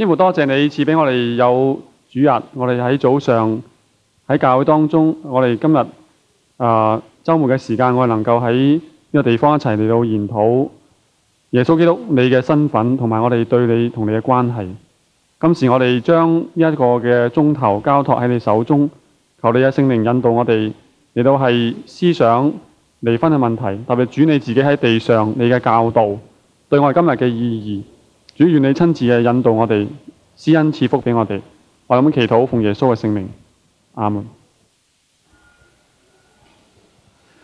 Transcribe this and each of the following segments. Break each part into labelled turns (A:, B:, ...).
A: 因為多謝你賜俾我哋有主日，我哋喺早上喺教會當中，我哋今日啊、呃、周末嘅時間，我哋能夠喺呢個地方一齊嚟到研討耶穌基督你嘅身份，同埋我哋對你同你嘅關係。今時我哋將呢一個嘅鐘頭交託喺你手中，求你嘅聖靈引導我哋嚟到係思想離婚嘅問題，特別主你自己喺地上你嘅教導對我哋今日嘅意義。主願你親自嘅引導我哋，施恩賜福俾我哋。我咁樣祈禱，奉耶穌嘅聖名，阿門。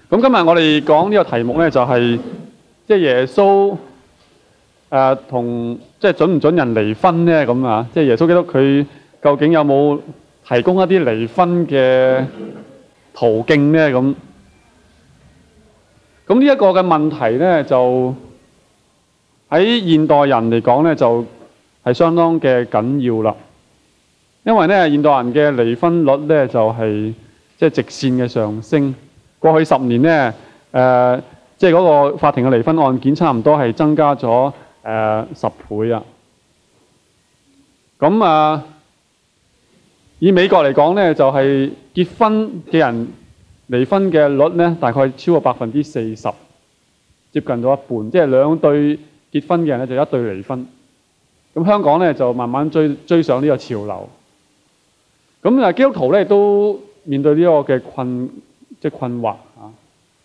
A: 咁今日我哋講呢個題目咧、就是，就係即係耶穌誒同即係准唔准人離婚咧？咁啊，即係耶穌基督佢究竟有冇提供一啲離婚嘅途徑咧？咁，咁呢一個嘅問題咧就是。喺現代人嚟講咧，就係、是、相當嘅緊要啦。因為咧，現代人嘅離婚率咧就係即係直線嘅上升。過去十年咧，誒即係嗰個法庭嘅離婚案件差唔多係增加咗誒、呃、十倍啊。咁啊，以美國嚟講咧，就係、是、結婚嘅人離婚嘅率咧，大概超過百分之四十，接近咗一半，即、就、係、是、兩對，結婚嘅人咧就一對離婚，咁香港咧就慢慢追追上呢個潮流。咁啊，基督徒咧都面對呢個嘅困即係困惑啊！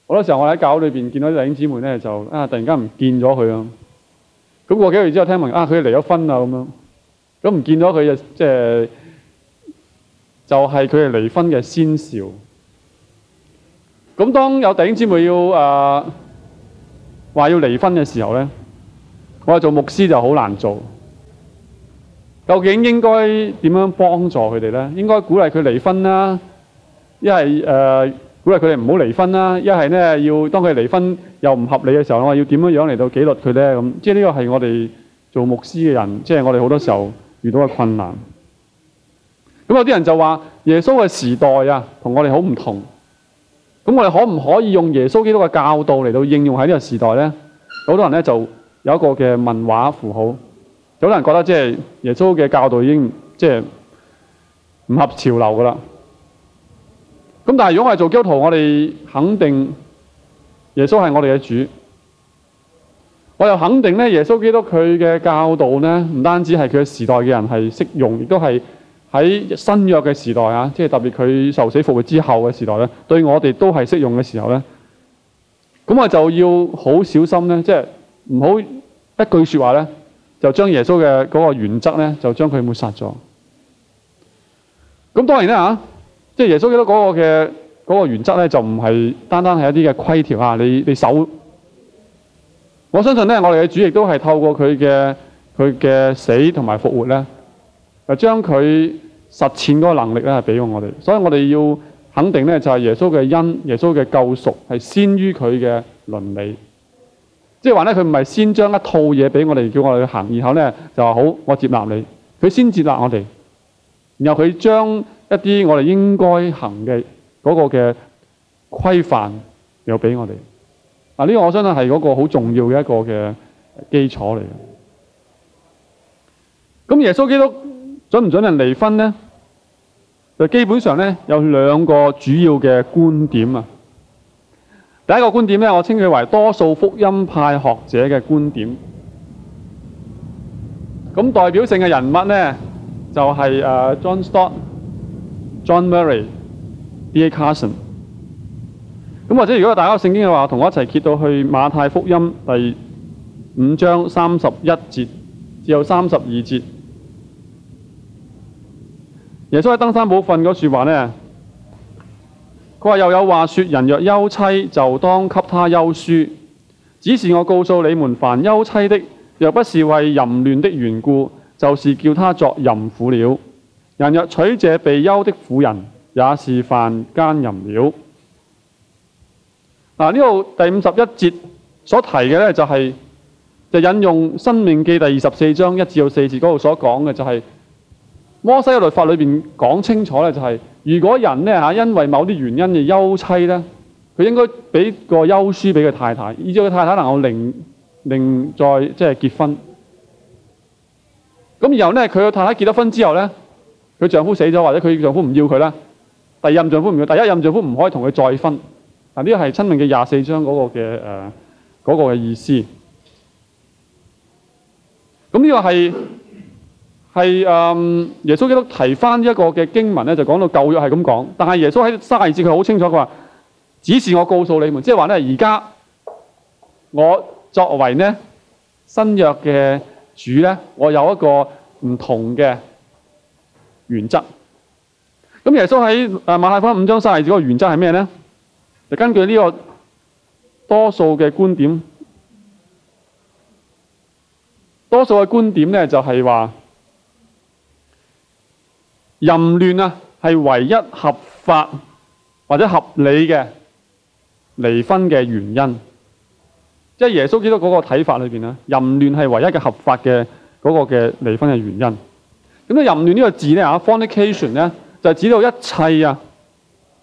A: 好多時候我喺教裏邊見到啲弟兄姊妹咧就啊，突然間唔見咗佢啊！咁過幾個月之後聽聞啊，佢離咗婚啊咁樣，咁唔見咗佢就即係就係佢係離婚嘅先兆。咁當有弟兄姊妹要啊話要離婚嘅時候咧。我係做牧師就好難做，究竟應該點樣幫助佢哋咧？應該鼓勵佢離婚啦，一係誒鼓勵佢哋唔好離婚啦，一係咧要當佢離婚又唔合理嘅時候，我話要點樣樣嚟到紀律佢咧？咁即係呢個係我哋做牧師嘅人，即係我哋好多時候遇到嘅困難。咁有啲人就話耶穌嘅時代啊，同我哋好唔同。咁我哋可唔可以用耶穌基督嘅教導嚟到應用喺呢個時代咧？好多人咧就。有一個嘅文化符號，有啲人覺得即係耶穌嘅教導已經即係唔合潮流噶啦。咁但係，如果我係做基督徒，我哋肯定耶穌係我哋嘅主。我又肯定咧，耶穌基督佢嘅教導咧，唔單止係佢個時代嘅人係適用，亦都係喺新約嘅時代啊，即係特別佢受死復活之後嘅時代咧，對我哋都係適用嘅時候咧。咁我們就要好小心咧，即係。唔好一句說話咧，就將耶穌嘅嗰個原則咧，就將佢抹殺咗。咁當然啦，吓，即係耶穌嘅嗰個嘅嗰個原則咧，就唔係單單係一啲嘅規條啊！你你守，我相信咧，我哋嘅主亦都係透過佢嘅佢嘅死同埋復活咧，誒，將佢實踐嗰個能力咧，係俾咗我我哋。所以我哋要肯定咧，就係耶穌嘅恩、耶穌嘅救贖係先於佢嘅倫理。即係話咧，佢唔係先將一套嘢俾我哋，叫我哋去行，然後咧就話好，我接納你。佢先接納我哋，然後佢將一啲我哋應該行嘅嗰個嘅規範又俾我哋。嗱，呢個我相信係嗰個好重要嘅一個嘅基礎嚟。咁耶穌基督准唔准人離婚咧？就基本上咧有兩個主要嘅觀點啊。第一個觀點呢，我稱佢為多數福音派學者嘅觀點。咁代表性嘅人物呢，就係誒 John Stott、John Murray、D. A. Carson。咁或者如果大家有聖經嘅話，同我一齊揭到去馬太福音第五章三十一節至到三十二節，耶穌喺登山寶訓嗰説話呢。」佢話又有話說，人若休妻，就當給他休書。只是我告訴你們，凡休妻的，若不是為淫亂的緣故，就是叫他作淫婦了。人若娶這被休的婦人，也是犯奸淫了。嗱、啊，呢度第五十一節所提嘅呢、就是，就係、是、就引用《申命記》第二十四章一至到四節嗰度所講嘅、就是，就係。摩西律法裏邊講清楚咧、就是，就係如果人咧嚇因為某啲原因而休妻咧，佢應該俾個休書俾佢太太，以至佢太太能夠另另再即係結婚。咁然後咧，佢個太太結咗婚之後咧，佢丈夫死咗或者佢丈夫唔要佢咧，第二任丈夫唔要，第一任丈夫唔可以同佢再婚。嗱，呢個係申命嘅廿四章嗰個嘅誒嗰個嘅意思。咁、這、呢個係。係嗯，耶穌基督提翻一個嘅經文咧，就講到舊約係咁講，但係耶穌喺三十二節佢好清楚，佢話，只是我告訴你們。即係話咧，而家我作為呢新約嘅主咧，我有一個唔同嘅原則。咁耶穌喺啊馬太福音五章三十二節嗰個原則係咩咧？就根據呢個多數嘅觀點，多數嘅觀點咧就係話。淫亂啊，係唯一合法或者合理嘅離婚嘅原因。即係耶穌基督嗰個睇法裏邊咧，淫亂係唯一嘅合法嘅嗰個嘅離婚嘅原因。咁咧，淫亂呢個字咧啊，fornication 咧就係指到一切啊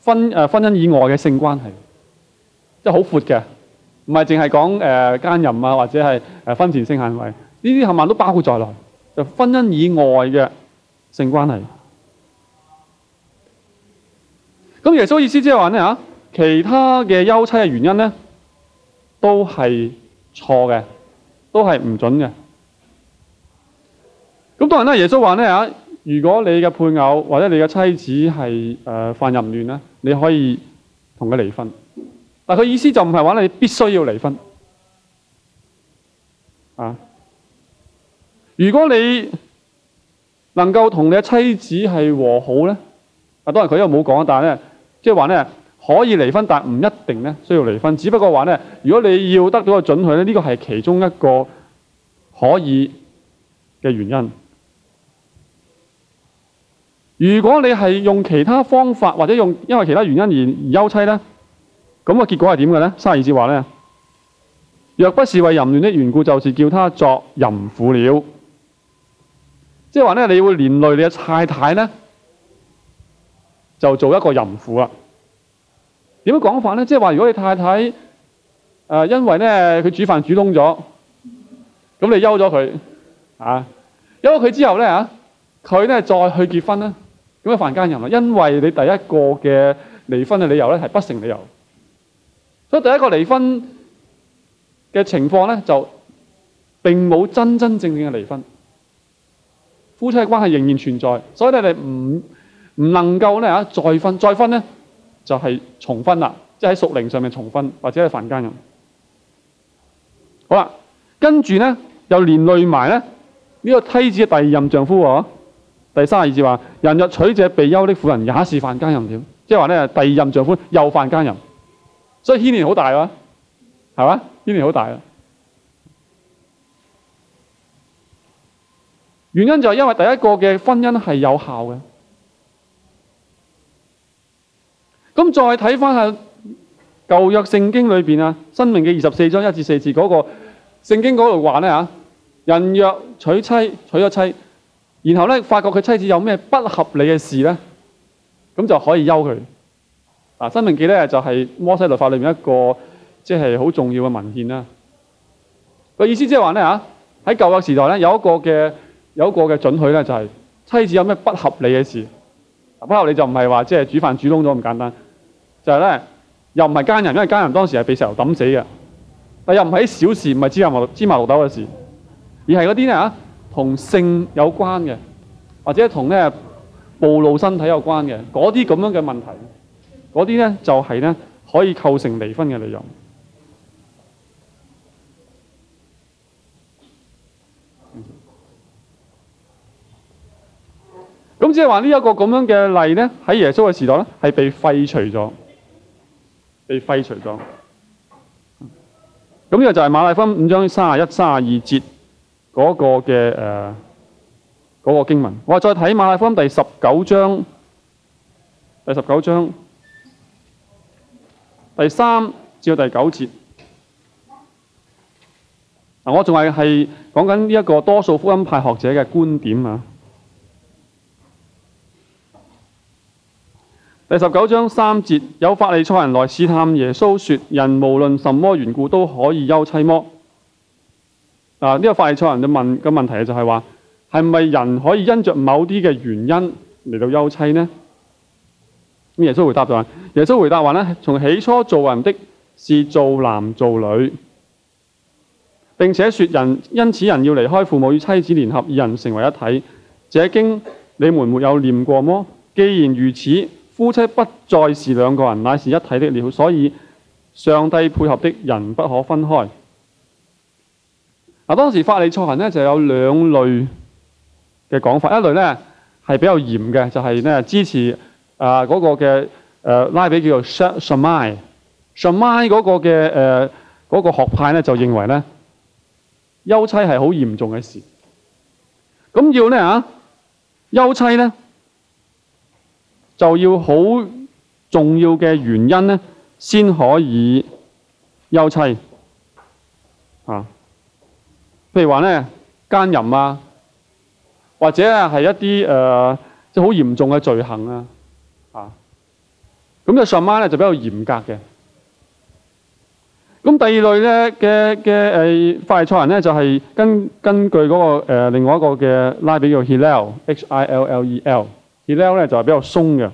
A: 婚誒婚姻以外嘅性關係，即係好闊嘅，唔係淨係講誒奸淫啊或者係誒婚前性行為呢啲，冚唪唥都包括在內，就婚姻以外嘅性關係。咁耶穌意思即係話咧吓，其他嘅休妻嘅原因咧，都係錯嘅，都係唔准嘅。咁當然啦，耶穌話咧吓，如果你嘅配偶或者你嘅妻子係誒犯淫亂咧，你可以同佢離婚。但係佢意思就唔係話你必須要離婚啊。如果你能夠同你嘅妻子係和好咧，啊當然佢呢冇講，但係咧。即係話咧，可以離婚，但唔一定咧需要離婚。只不過話咧，如果你要得到個准許咧，呢個係其中一個可以嘅原因。如果你係用其他方法或者用因為其他原因而而休妻咧，咁個結果係點嘅咧？《三十二節》話咧，若不是為淫亂的緣故，就是叫他作淫婦了。即係話咧，你會連累你嘅太太咧。就做一個淫婦啦？點樣講法咧？即係話，如果你太太誒、呃、因為咧佢煮飯煮燶咗，咁你休咗佢啊？休咗佢之後咧嚇，佢、啊、咧再去結婚咧，咁就犯姦淫啦。因為你第一個嘅離婚嘅理由咧係不成理由，所以第一個離婚嘅情況咧就並冇真真正正嘅離婚，夫妻嘅關係仍然存在，所以你哋唔唔能夠咧嚇再婚，再婚咧就係重婚啦，即係喺熟靈屬靈上面重婚，或者係犯奸淫。好啦，跟住咧又連累埋咧呢個妻子嘅第二任丈夫喎。第三十二節話：人若娶這被休的婦人，也是犯奸淫點？即係話咧，第二任丈夫又犯奸淫，所以牽連好大喎，係嘛？牽連好大啊！原因就係因為第一個嘅婚姻係有效嘅。咁再睇翻下舊約聖經裏邊啊，申命記二十四章一至四節嗰個聖經嗰度話咧嚇，人若娶妻，娶咗妻，然後咧發覺佢妻子有咩不合理嘅事咧，咁就可以休佢。嗱，申命記咧就係摩西律法裏面一個即係好重要嘅文件啦。個意思即係話咧嚇，喺舊約時代咧有一個嘅有一個嘅准許咧、就是，就係妻子有咩不合理嘅事，不過你就唔係話即係煮飯煮窿咗咁簡單。就係咧，又唔係奸人，因為奸人當時係被石頭揼死嘅。但又唔係小事，唔係芝麻芝麻綠豆嘅事，而係嗰啲咧嚇同性有關嘅，或者同咧暴露身體有關嘅嗰啲咁樣嘅問題，嗰啲咧就係咧可以構成離婚嘅理由。咁即係話呢一個咁樣嘅例咧，喺耶穌嘅時代咧係被廢除咗。被廢除咗。咁呢個就係馬太福音五章三十一、三十二節嗰個嘅經文。我再睇馬太福音第十九章，第十九章第三至到第九節。我仲係說講緊呢個多數福音派學者嘅觀點啊。第十九章三節有法利賽人來試探耶穌，說：人無論什麼緣故都可以休妻麼？啊，呢個法利賽人就問個問題就是說，就說係咪人可以因着某啲嘅原因嚟到休妻呢？耶穌回答就是，耶穌回答說，就是，從起初造人的是造男造女，並且說人因此人要離開父母與妻子聯合，二人成為一體。這經你們沒有念過麼？既然如此，夫妻不再是兩個人，乃是一體的了。所以上帝配合的人不可分開。嗱，當時法利賽人咧就有兩類嘅講法，一類呢係比較嚴嘅，就係、是、咧支持啊嗰個嘅拉比叫做 Shammai，Shammai 嗰個嘅誒嗰個學派咧就認為咧，休妻係好嚴重嘅事，咁要呢？嚇休妻呢？就要好重要嘅原因咧，先可以休妻嚇、啊。譬如話咧，奸淫啊，或者啊係一啲誒即係好嚴重嘅罪行啊嚇。咁、啊、就上碼咧就比較嚴格嘅。咁第二類咧嘅嘅犯錯人咧就係、是、根根據嗰、那個、呃、另外一個嘅拉比叫 Hillel H I L L E L。而咧就係比較鬆嘅，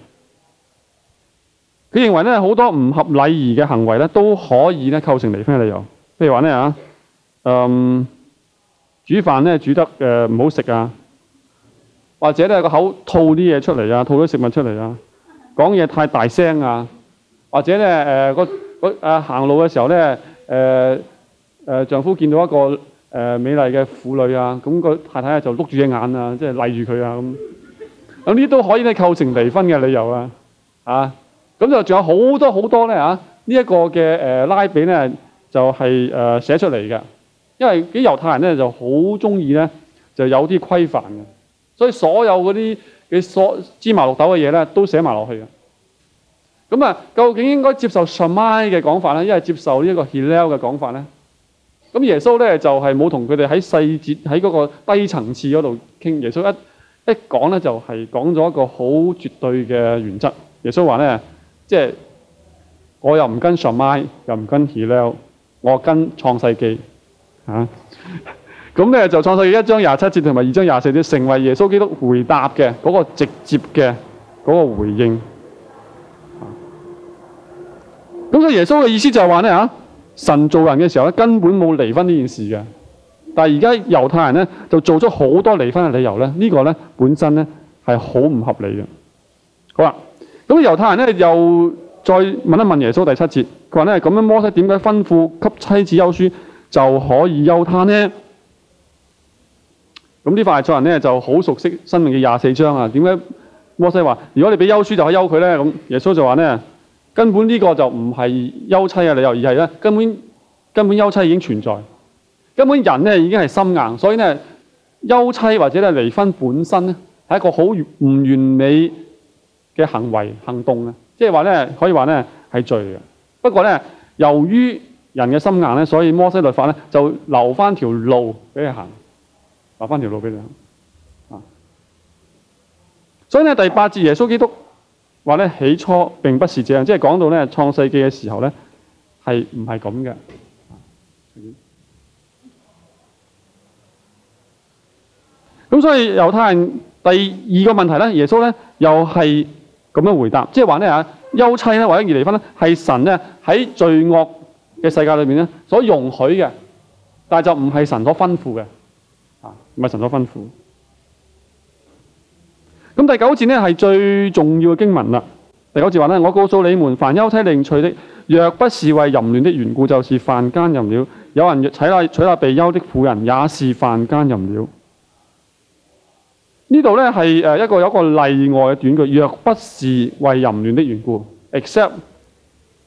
A: 佢認為咧好多唔合禮儀嘅行為咧都可以咧構成離婚嘅理由。譬如話咧嚇，嗯，煮飯咧煮得誒唔好食啊，或者咧個口吐啲嘢出嚟啊，吐咗食物出嚟啊，講嘢太大聲啊，或者咧誒個個行路嘅時候咧誒誒丈夫見到一個誒美麗嘅婦女啊，咁個太太咧就碌住隻眼啊，即係賴住佢啊咁。咁呢都可以咧構成離婚嘅理由啊！啊，咁就仲有好多好多咧嚇呢一、啊這個嘅、呃、拉比咧，就係、是、寫、呃、出嚟嘅，因為啲猶太人咧就好中意咧，就有啲規範嘅，所以所有嗰啲嘅所芝麻綠豆嘅嘢咧都寫埋落去嘅。咁啊，究竟應該接受 Shammai 嘅講法咧，因為接受呢一個 Hillel 嘅講法咧？咁耶穌咧就係冇同佢哋喺細節喺嗰個低層次嗰度傾，耶穌一。一講咧就係講咗一個好絕對嘅原則。耶穌話咧，即係我又唔跟沙買，又唔跟希列，我跟創世記嚇咁咧、啊、就創世記一章廿七節同埋二章廿四節，成為耶穌基督回答嘅嗰個直接嘅嗰個回應。咁、啊、所以耶穌嘅意思就係話咧嚇，神做人嘅時候咧根本冇離婚呢件事嘅。但係而家猶太人呢就做咗好多離婚嘅理由呢這個、呢個本身呢是係好唔合理嘅。好啦，咁猶太人呢又再問一問耶穌第七節，佢話咧咁樣摩西點解吩咐給妻子休書就可以休他呢？咁呢塊錯人咧就好熟悉申命記廿四章啊。點解摩西話如果你俾休書就可以休佢呢？咁耶穌就話呢，根本呢個就唔係休妻嘅理由，而係呢，根本根本休妻已經存在。根本人咧已經係心硬，所以咧休妻或者咧離婚本身咧係一個好唔完美嘅行為行動咧，即係話咧可以話咧係罪嘅。不過咧由於人嘅心硬咧，所以摩西律法咧就留翻條路俾佢行，留翻條路俾你行啊。所以咧第八節耶穌基督話咧起初並不是這樣，即係講到咧創世記嘅時候咧係唔係咁嘅。啊。咁所以猶太人第二個問題咧，耶穌咧又係咁樣回答，即係話咧嚇休妻咧或者而離婚咧係神咧喺罪惡嘅世界裏邊咧所容許嘅，但係就唔係神所吩咐嘅啊，唔係神所吩咐。咁第九節咧係最重要嘅經文啦。第九節話咧，我告訴你們，凡休妻另娶的，若不是為淫亂的緣故，就是犯姦淫了。有人娶下娶那被休的婦人，也是犯姦淫了。呢度呢，係一個有個例外嘅短句，若不是為淫亂的緣故，except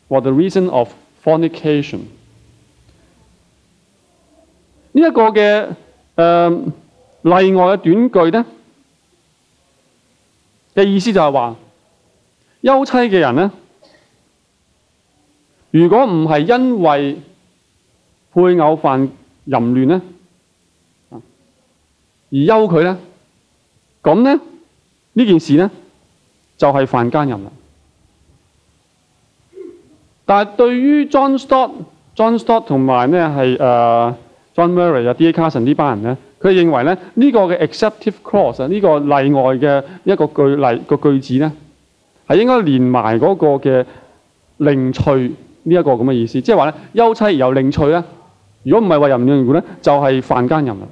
A: for the reason of fornication。呢、這、一個嘅例外嘅短句呢，嘅意思就係話，休妻嘅人呢，如果唔係因為配偶犯淫亂呢，而休佢呢。」咁咧呢這件事咧就係、是、犯奸淫啦。但係對於 John Stott、John Stott 同埋咧係誒 John Murray 啊、D. A. Carson 呢班人咧，佢認為咧呢、這個嘅 exceptive clause 啊，呢個例外嘅一個句例個句子咧，係應該連埋嗰個嘅另娶呢一個咁嘅、這個、意思，即係話咧休妻而又另娶咧，如果唔係話淫亂嘅話咧，就係犯奸淫啦。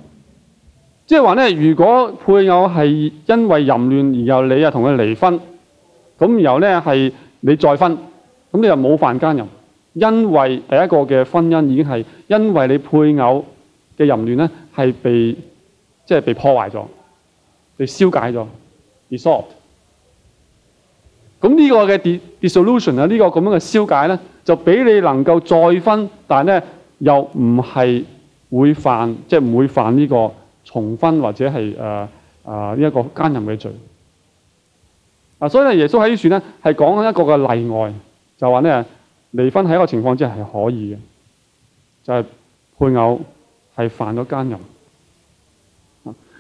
A: 即係話咧，如果配偶係因為淫亂，然後你又同佢離婚，咁然後咧係你再婚，咁你又冇犯奸淫，因為第一個嘅婚姻已經係因為你配偶嘅淫亂咧係被即係、就是、被破壞咗，被消解咗，resolved。咁呢個嘅 dissolution 啊，呢個咁樣嘅消解咧，就俾你能夠再婚，但係咧又唔係會犯，即係唔會犯呢、這個。重婚或者係誒誒呢一個奸淫嘅罪啊，所以耶穌喺呢處咧係講緊一個嘅例外，就是說呢，就話咧離婚喺一個情況之下係可以嘅，就係配偶係犯咗奸淫。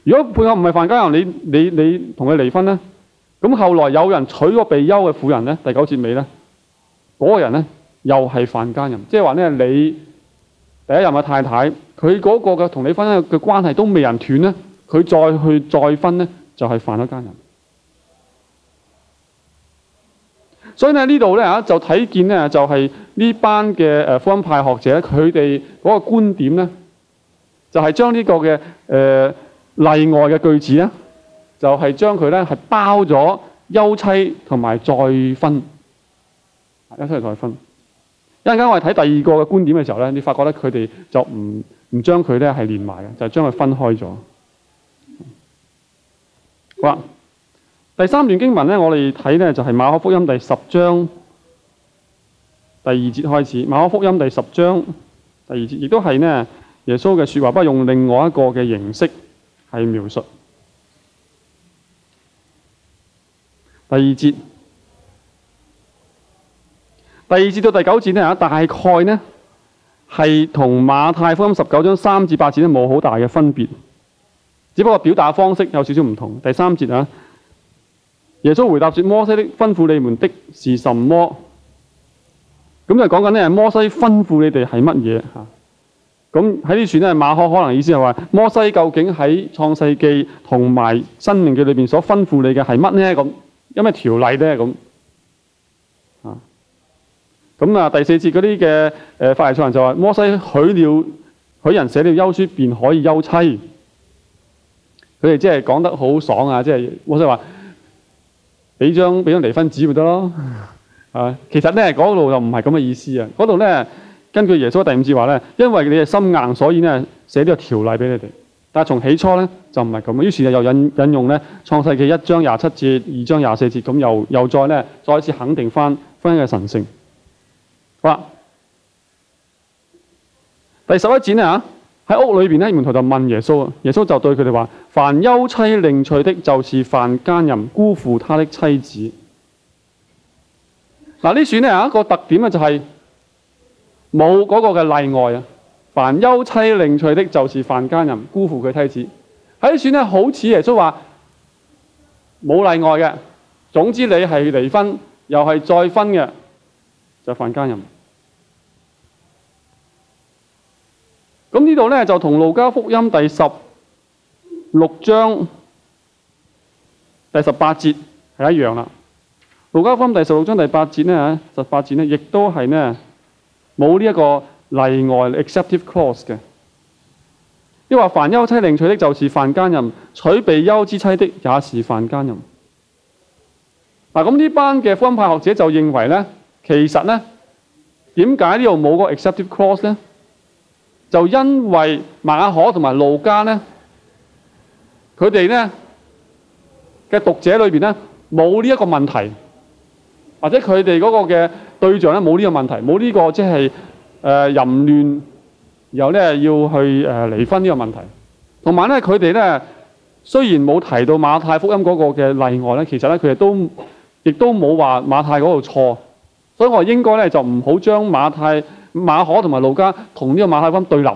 A: 如果配偶唔係犯奸淫，你你你同佢離婚咧，咁後來有人娶咗被休嘅婦人咧，第九節尾咧，嗰、那個人咧又係犯奸淫，即係話咧你。第一任嘅太太，佢嗰個嘅同你婚姻嘅關係都未人斷咧，佢再去再婚呢，就係、是、犯咗奸淫。所以咧呢度呢，就睇見呢，就係呢班嘅誒福音派學者佢哋嗰個觀點呢，就係將呢個嘅、呃、例外嘅句子呢，就係將佢咧係包咗休妻同埋再婚，休妻再婚。一陣間我哋睇第二個嘅觀點嘅時候呢，你發覺咧佢哋就唔唔將佢咧係連埋嘅，就是、將佢分開咗。好啦，第三段經文呢，我哋睇呢就係馬可福音第十章第二節開始。馬可福音第十章第二節，亦都係呢耶穌嘅說話，不過用另外一個嘅形式係描述。第二節。第二節到第九節大概呢，係同馬太福音十九章三至八節咧冇好大嘅分別，只不過表達方式有少少唔同。第三節啊，耶穌回答說：摩西的吩咐你們的是什麼？咁就講緊咧，係摩西吩咐你哋係乜嘢吓？咁喺呢處咧，馬可可能意思係話，摩西究竟喺創世記同埋申命記裏面所吩咐你嘅係乜呢？有咩條例呢？咁啊！第四節嗰啲嘅誒法利賽人就話：摩西許了許人寫了休書，便可以休妻。佢哋即係講得好爽啊！即係摩西話俾張俾張離婚紙咪得咯啊！其實咧嗰度就唔係咁嘅意思啊。嗰度咧根據耶穌第五節話咧，因為你哋心硬，所以咧寫呢個條例俾你哋。但係從起初咧就唔係咁。於是又引引用咧創世記一章廿七節、二章廿四節，咁又又再咧再一次肯定翻婚姻嘅神聖。第十一節咧喺屋裏邊咧，門徒就問耶穌，耶穌就對佢哋話：凡休妻另娶的，就是犯奸淫，辜負他的妻子。嗱，呢選有一個特點咧，就係冇嗰個嘅例外啊！凡休妻另娶的，就是犯奸淫，辜負佢妻子。喺呢選呢，好似耶穌話冇例外嘅，總之你係離婚又係再婚嘅，就犯、是、奸淫。」咁呢度呢，就同路加福音第十六章第十八節係一樣啦。路加福音第十六章第八節呢，十八節呢，亦都係呢冇呢一個例外 （exceptive clause） 嘅，因為凡休妻另娶的，就是犯姦淫；娶被休之妻的，也是犯姦淫。嗱，咁呢班嘅福音派學者就認為呢，其實呢點解呢度冇個 exceptive clause 呢？就因為馬可同埋路加咧，佢哋咧嘅讀者裏邊咧冇呢一個問題，或者佢哋嗰個嘅對象咧冇呢個問題，冇呢個即係誒淫亂，又咧要去誒離婚呢個問題。同埋咧，佢哋咧雖然冇提到馬太福音嗰個嘅例外咧，其實咧佢哋都亦都冇話馬太嗰度錯，所以我應該咧就唔好將馬太馬可同埋路加同呢個馬太福音對立，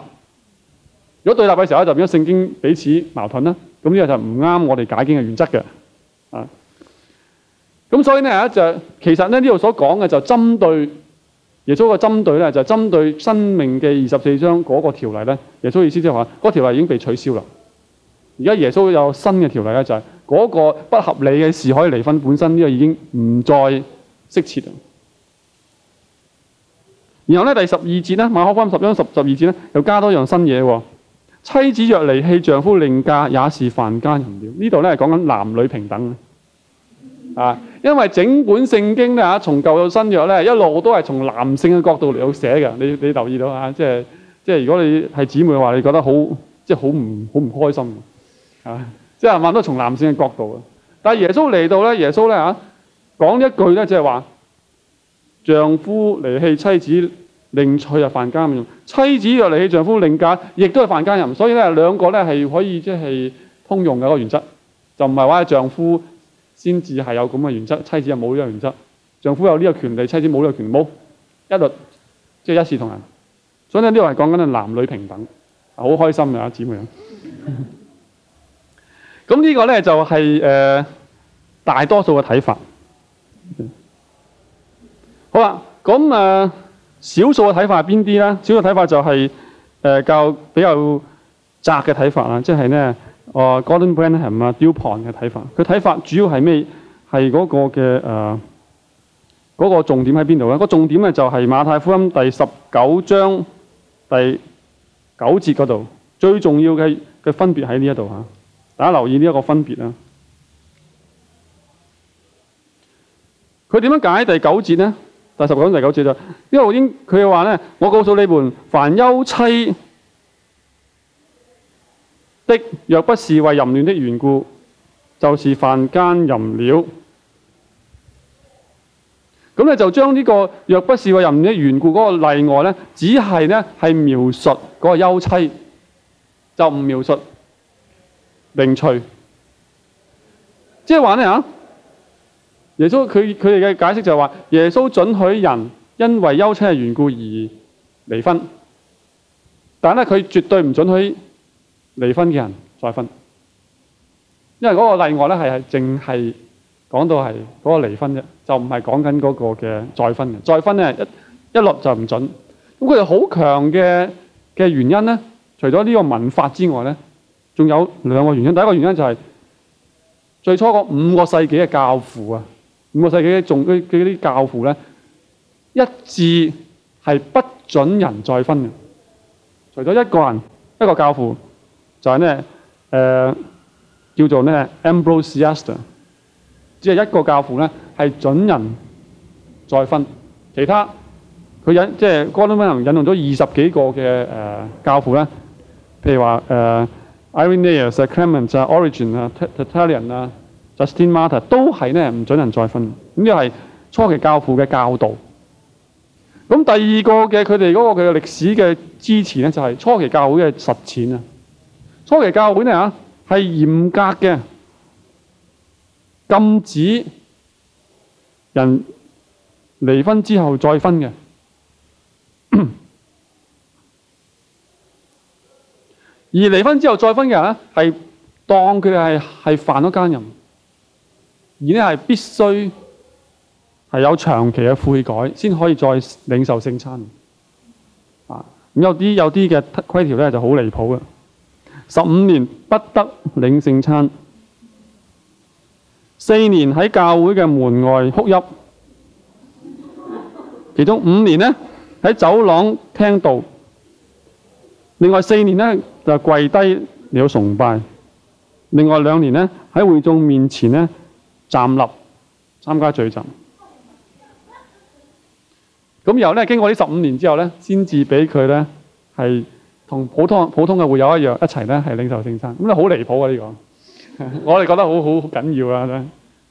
A: 如果對立嘅時候就變咗聖經彼此矛盾啦。咁呢個就唔啱我哋解經嘅原則嘅。啊，咁所以呢，就其實呢呢度所講嘅就針對耶穌嘅針對咧，就是、針對申命記嘅二十四章嗰個條例咧。耶穌意思即係話，嗰條例已經被取消啦。而家耶穌有新嘅條例咧、就是，就係嗰個不合理嘅事可以離婚，本身呢個已經唔再適切。然後咧，第十二節咧，馬可福音十章十十二節咧，又加多樣新嘢。妻子若離棄丈夫另嫁，也是犯姦淫了。呢度咧係講緊男女平等。啊，因為整本聖經咧吓、啊，從舊到新約咧，一路都係從男性嘅角度嚟到寫嘅。你你留意到啊？即係即係，如果你係姊妹嘅話，你覺得好即係好唔好唔開心啊？即係問都從男性嘅角度。啊、但係耶穌嚟到咧，耶穌咧吓、啊，講一句咧，即係話。丈夫離棄妻子令，另娶入犯奸淫；妻子又離棄丈夫令假，另嫁亦都係犯奸淫。所以咧，兩個咧係可以即係通用嘅一、那個原則，就唔係話丈夫先至係有咁嘅原則，妻子又冇呢個原則。丈夫有呢個權利，妻子冇呢個權利，冇一律即係、就是、一視同仁。所以咧，呢個係講緊係男女平等，好開心㗎、啊，姊妹。咁 呢個咧就係、是、誒、呃、大多數嘅睇法。好啦，咁啊，少數嘅睇法係邊啲咧？少數嘅睇法就係誒較比較窄嘅睇法啦，即係咧啊 Gordon Wenham 同啊 Dupont 嘅睇法。佢睇法主要係咩？係嗰個嘅誒嗰個重點喺邊度咧？個重點咧就係馬太福音第十九章第九節嗰度最重要嘅分別喺呢一度嚇，大家留意呢一個分別啊，佢點樣解第九節咧？第十九章第九節啦，因為頭先佢話咧，我告訴你們，凡休妻的，若不是為淫亂的緣故，就是犯姦淫了。咁咧就將呢、這個若不是為淫亂的緣故嗰個例外咧，只係咧係描述嗰個休妻，就唔描述另娶。即係話嘅耶穌佢佢哋嘅解釋就係話，耶穌准許人因為憂親嘅緣故而離婚，但係咧佢絕對唔准許離婚嘅人再婚，因為嗰個例外咧係係淨係講到係嗰個離婚啫，就唔係講緊嗰個嘅再婚嘅。再婚咧一一律就唔準。咁佢哋好強嘅嘅原因咧，除咗呢個文法之外咧，仲有兩個原因。第一個原因就係、係、最初嗰五個世紀嘅教父啊。五個世紀嘅仲佢佢啲教父咧，一致係不准人再分嘅。除咗一個人一個教父，就係咧誒叫做咧 Ambrosiaster，只係一個教父咧係準人再分。其他佢引即係 Gaudemar 引用咗二十幾個嘅誒教父咧，譬如話誒 Irenaeus 啊、Clement 啊、Origen 啊、Tertullian 啊。Justin Martyr 都係唔准人再婚，呢個係初期教父嘅教導。咁第二個嘅佢哋嗰個嘅歷史嘅支持咧，就係、是、初期教會嘅實踐啊。初期教會咧嚇係嚴格嘅禁止人離婚之後再婚嘅，而離婚之後再婚嘅人係當佢哋係係犯咗奸淫。而咧係必須係有長期嘅悔改，先可以再領受聖餐啊。有啲有啲嘅規條咧就好離譜嘅，十五年不得領聖餐，四年喺教會嘅門外哭泣，其中五年呢喺走廊聽道，另外四年呢就跪低嚟崇拜，另外兩年呢喺會眾面前呢，站立參加聚集，咁然後咧，經過呢十五年之後咧，先至俾佢咧係同普通普通嘅會友一樣一齊咧係領受聖餐。咁你好離譜啊！呢、這個 我哋覺得好好好緊要啊！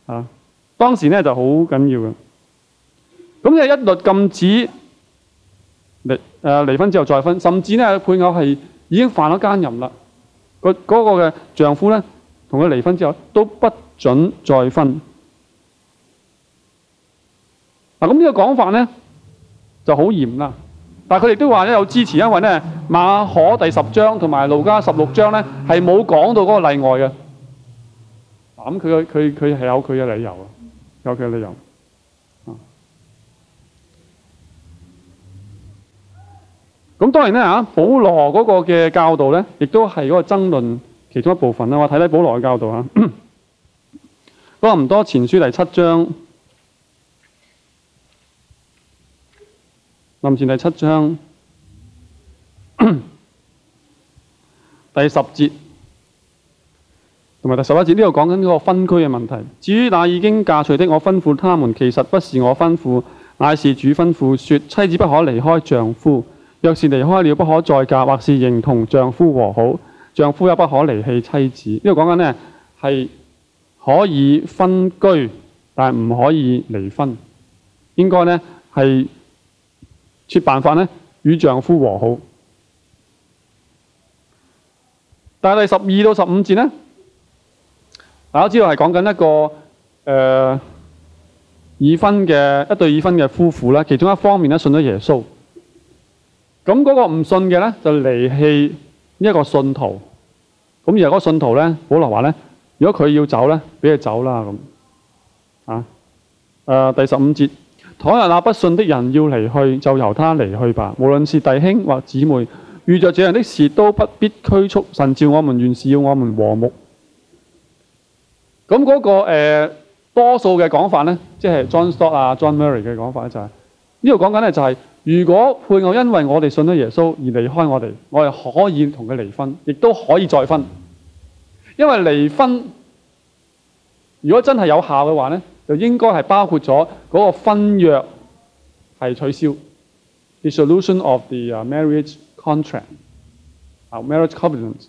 A: 嚇、啊，當時咧就好緊要嘅，咁即一律禁止離誒離婚之後再婚，甚至咧配偶係已經犯咗奸淫啦，那那個嗰個嘅丈夫咧同佢離婚之後都不。準再分嗱，咁呢個講法咧就好嚴啦。但係佢亦都話咧有支持，因為咧馬可第十章同埋路加十六章咧係冇講到嗰個例外嘅嗱。咁佢佢佢係有佢嘅理由啊，有佢嘅理由啊。咁當然咧嚇，保羅嗰個嘅教導咧，亦都係嗰個爭論其中一部分啦。我睇睇保羅嘅教導嚇。差不多唔多，前書第七章，林前第七章 第十節，同埋第十一節，呢度講緊呢個分居嘅問題。至於那已經嫁娶的，我吩咐他們，其實不是我吩咐，乃是主吩咐說，說妻子不可離開丈夫，若是離開了，不可再嫁，或是仍同丈夫和好，丈夫也不可離棄妻子。呢度講緊呢係。可以分居，但係唔可以離婚。應該呢係設辦法呢與丈夫和好。但係第十二到十五節大家知道係講緊一個，呃、已婚嘅一對已婚嘅夫婦其中一方面呢信咗耶穌，咁嗰個唔信嘅呢，就離棄呢個信徒。咁而嗰個信徒呢，保羅話呢如果佢要走呢，俾佢走啦咁，啊、呃，第十五節，倘若那不信的人要離去，就由他離去吧。無論是弟兄或姊妹，遇着這樣的事，都不必拘束。神召我們，原是要我們和睦。那嗰、那個誒、呃，多數嘅講法呢，即係 John Stott 啊，John Murray 嘅講法就係呢度講緊呢，就是如果配偶因為我哋信咗耶穌而離開我哋，我哋可以同佢離婚，亦都可以再婚。因為離婚如果真係有效嘅話呢，就應該係包括咗嗰個婚約係取消 （dissolution of the marriage contract） m a r r i a g e covenant）。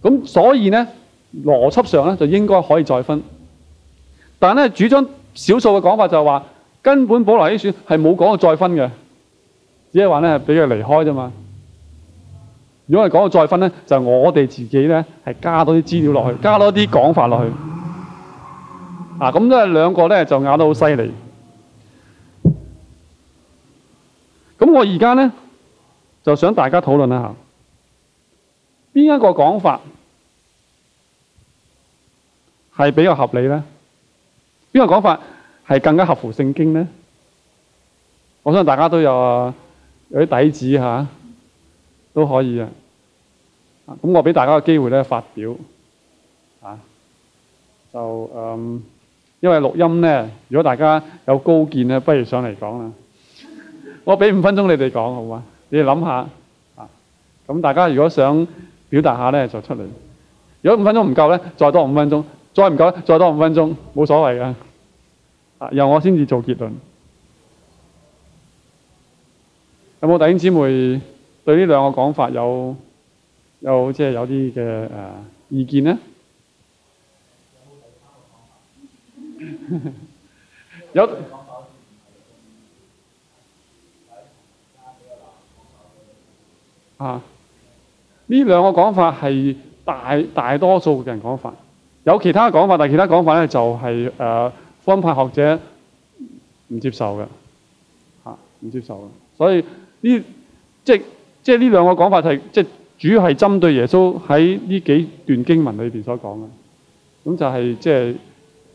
A: 咁所以呢，邏輯上呢就應該可以再婚。但呢，主張少數嘅講法就係話，根本《保留經選》係冇講過再婚嘅，只係話比俾佢離開嘛。如果係講到再分呢，就係我哋自己咧係加多啲資料落去，加多啲講法落去。啊，咁都係兩個咧就咬得好犀利。咁我而家咧就想大家討論一下，邊一個講法係比較合理咧？邊個講法係更加合乎聖經咧？我相信大家都有有啲底子吓，啊，都可以啊。咁我俾大家個機會咧發表，啊，就嗯，因為錄音咧，如果大家有高見咧，不如上嚟講啦。我俾五分鐘你哋講好嗎？你哋諗下啊。咁大家如果想表達下咧，就出嚟。如果五分鐘唔夠咧，再多五分鐘；再唔夠咧，再多五分鐘，冇所謂噶。啊，由我先至做結論。有冇弟兄姊妹對呢兩個講法有？有即係、就是、有啲嘅誒意見咧， 有啊，呢兩個講法係大大多數嘅人講法。有其他講法，但係其他講法咧就係、是、誒、呃、分派學者唔接受嘅嚇，唔、啊、接受嘅。所以呢，即係即係呢兩個講法就係、即係。主要係針對耶穌喺呢幾段經文裏邊所講嘅，咁就係即係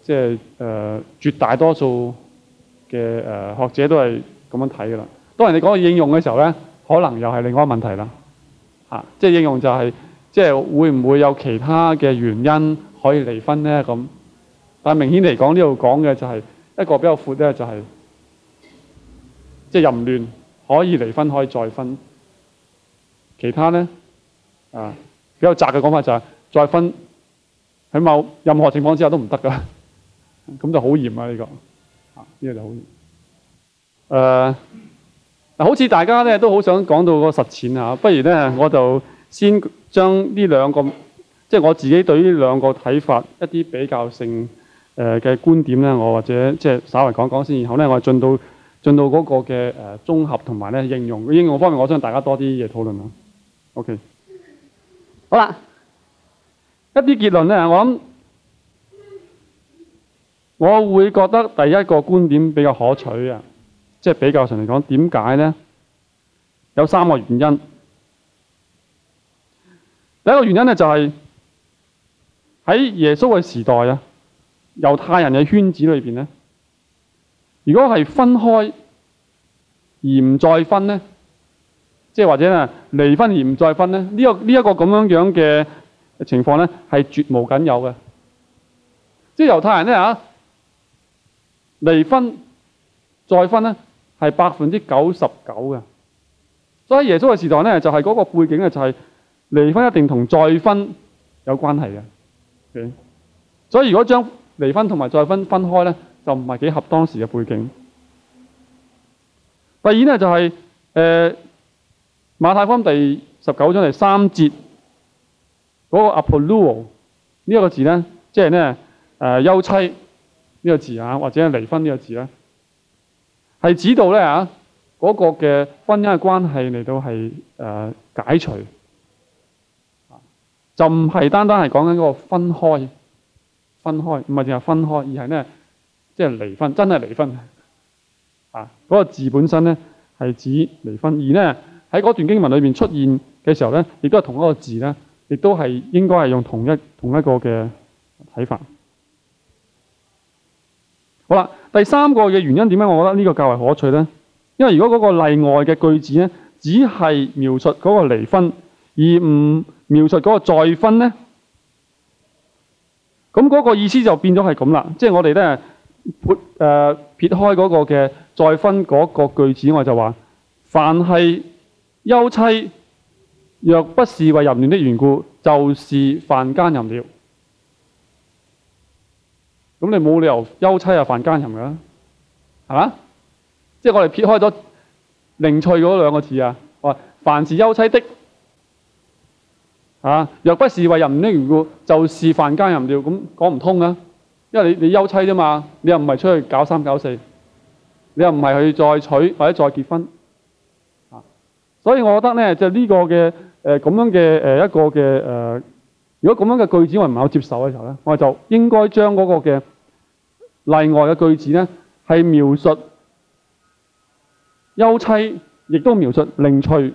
A: 即係誒絕大多數嘅誒學者都係咁樣睇嘅啦。當人哋講應用嘅時候咧，可能又係另外一個問題啦。嚇、啊，即係應用就係即係會唔會有其他嘅原因可以離婚咧？咁但係明顯嚟講，呢度講嘅就係、係、一個比較闊咧、就係，就係即係淫亂可以離婚，可以再婚，其他咧。啊，比較窄嘅講法就係再分喺某任何情況之下都唔得噶，咁就好嚴啊！呢個啊呢個就好嚴。誒好似大家咧都好想講到個實踐嚇，不如咧我就先將呢兩個，即係我自己對呢兩個睇法一啲比較性誒嘅觀點咧，我或者即係稍微講講先，然後咧我進到進到嗰個嘅誒綜合同埋咧應用應用方面，我想大家多啲嘢討論啦。OK。好啦，一啲結論呢，我諗我會覺得第一個觀點比較可取啊，即係比較上嚟講，點解呢？有三個原因。第一個原因呢、就是，就係喺耶穌嘅時代啊，猶太人嘅圈子裏邊呢，如果係分開而唔再分呢。即係或者咧，離婚而唔再婚咧，呢一個呢一個咁樣樣嘅情況咧，係絕無僅有嘅。即係猶太人咧，嚇，離婚再婚咧，係百分之九十九嘅。所以耶穌嘅時代咧，就係嗰個背景咧，就係離婚一定同再婚有關係嘅。所以如果將離婚同埋再婚分開咧，就唔係幾合當時嘅背景。第二咧就係誒。馬太福音第十九章第三節，嗰、那個阿婆羅呢一個字呢，即係呢「誒、呃、休妻呢個字啊，或者係離婚呢個字呢，係指到呢嗰、啊那個嘅婚姻嘅關係嚟到係、呃、解除，就唔係單單係講緊嗰個分開，分開唔係淨係分開，而係呢「即係離婚，真係離婚的啊！嗰、那個字本身呢，係指離婚，而呢。喺嗰段經文裏面出現嘅時候呢，亦都係同一個字呢，亦都係應該係用同一同一個嘅睇法。好啦，第三個嘅原因點解？為什麼我覺得呢個較為可取呢？因為如果嗰個例外嘅句子呢，只係描述嗰個離婚，而唔描述嗰個再婚呢，咁嗰個意思就變咗係咁啦。即係我哋呢，撇、呃、撇開嗰個嘅再婚嗰個句子，我就話凡係。休妻若不是為淫亂的緣故，就是犯奸淫了。咁你冇理由休妻係犯奸淫噶，係嘛，即係我哋撇開咗另娶嗰兩個字啊，凡是休妻的，啊，若不是為淫亂的緣故，就是犯奸淫了。咁講唔通啊，因為你你休妻啫嘛，你又唔係出去搞三搞四，你又唔係去再娶或者再結婚。所以，我覺得呢，就呢、是、個嘅咁、呃、樣嘅、呃、一個嘅、呃、如果咁樣嘅句子我唔好接受嘅時候呢，我就應該將嗰個嘅例外嘅句子呢，係描述休妻，亦都描述另娶。咁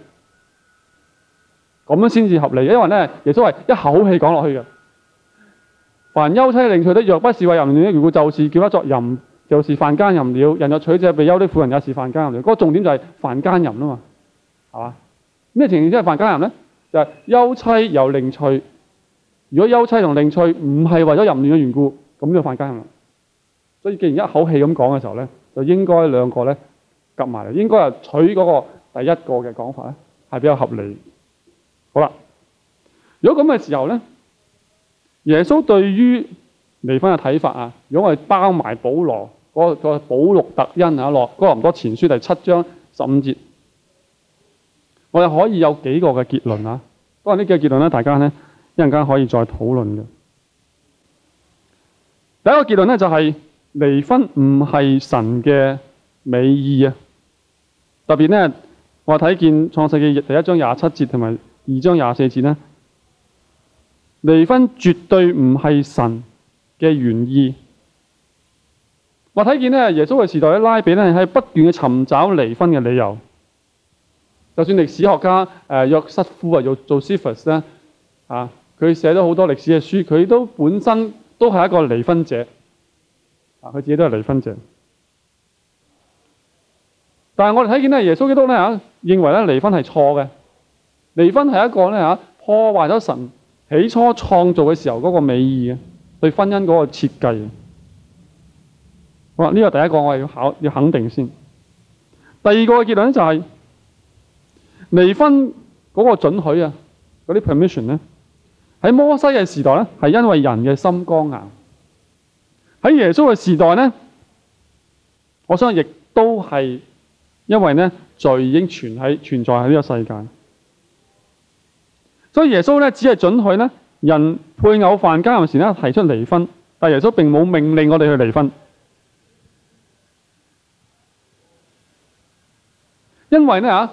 A: 樣先至合理的。因為呢，耶穌係一口氣講落去嘅。凡休妻另娶的，若不是為淫亂，如果就是叫他作淫，就是犯奸淫了。人若娶這被休的婦人，也是犯奸淫。嗰、那個重點就係犯奸淫啦嘛。係嘛？咩情形即係犯奸淫咧？就係、係、休妻又另娶。如果休妻同另娶唔係為咗淫亂嘅緣故，咁就犯奸淫。所以既然一口氣咁講嘅時候咧，就應該兩個咧夾埋。應該係取嗰個第一個嘅講法咧，係比較合理。好啦，如果咁嘅時候咧，耶穌對於離婚嘅睇法啊，如果係包埋保羅嗰、個保錄特恩啊落，哥林多前書第七章十五節。我哋可以有幾個嘅結論啊。不過呢幾個結論大家一陣間可以再討論嘅。第一個結論就係，離婚唔係神嘅美意啊！特別呢，我睇見創世紀第一章廿七節同埋二章廿四節，離婚絕對唔係神嘅原意。我睇見呢，耶穌嘅時代咧，拉比呢，喺不斷嘅尋找離婚嘅理由。就算歷史學家誒、呃、約瑟夫啊，做做史夫斯咧嚇，佢寫咗好多歷史嘅書，佢都本身都係一個離婚者、啊、他佢自己都係離婚者。但係我哋睇見耶穌基督呢、啊、認為認為離婚係錯嘅，離婚係一個、啊、破壞咗神起初創造嘅時候嗰個美意對對婚姻嗰個設計。好啦，呢、這個第一個我係要，要肯定先。第二個結結論就係、是。離婚嗰個准許啊，嗰啲 permission 呢，喺摩西嘅時代呢，係因為人嘅心剛硬；喺耶穌嘅時代呢，我相信亦都是因為咧罪已經存在存在喺呢個世界。所以耶穌呢，只係准許人配偶犯姦淫時咧提出離婚，但耶穌並冇命令我哋去離婚，因為呢。啊。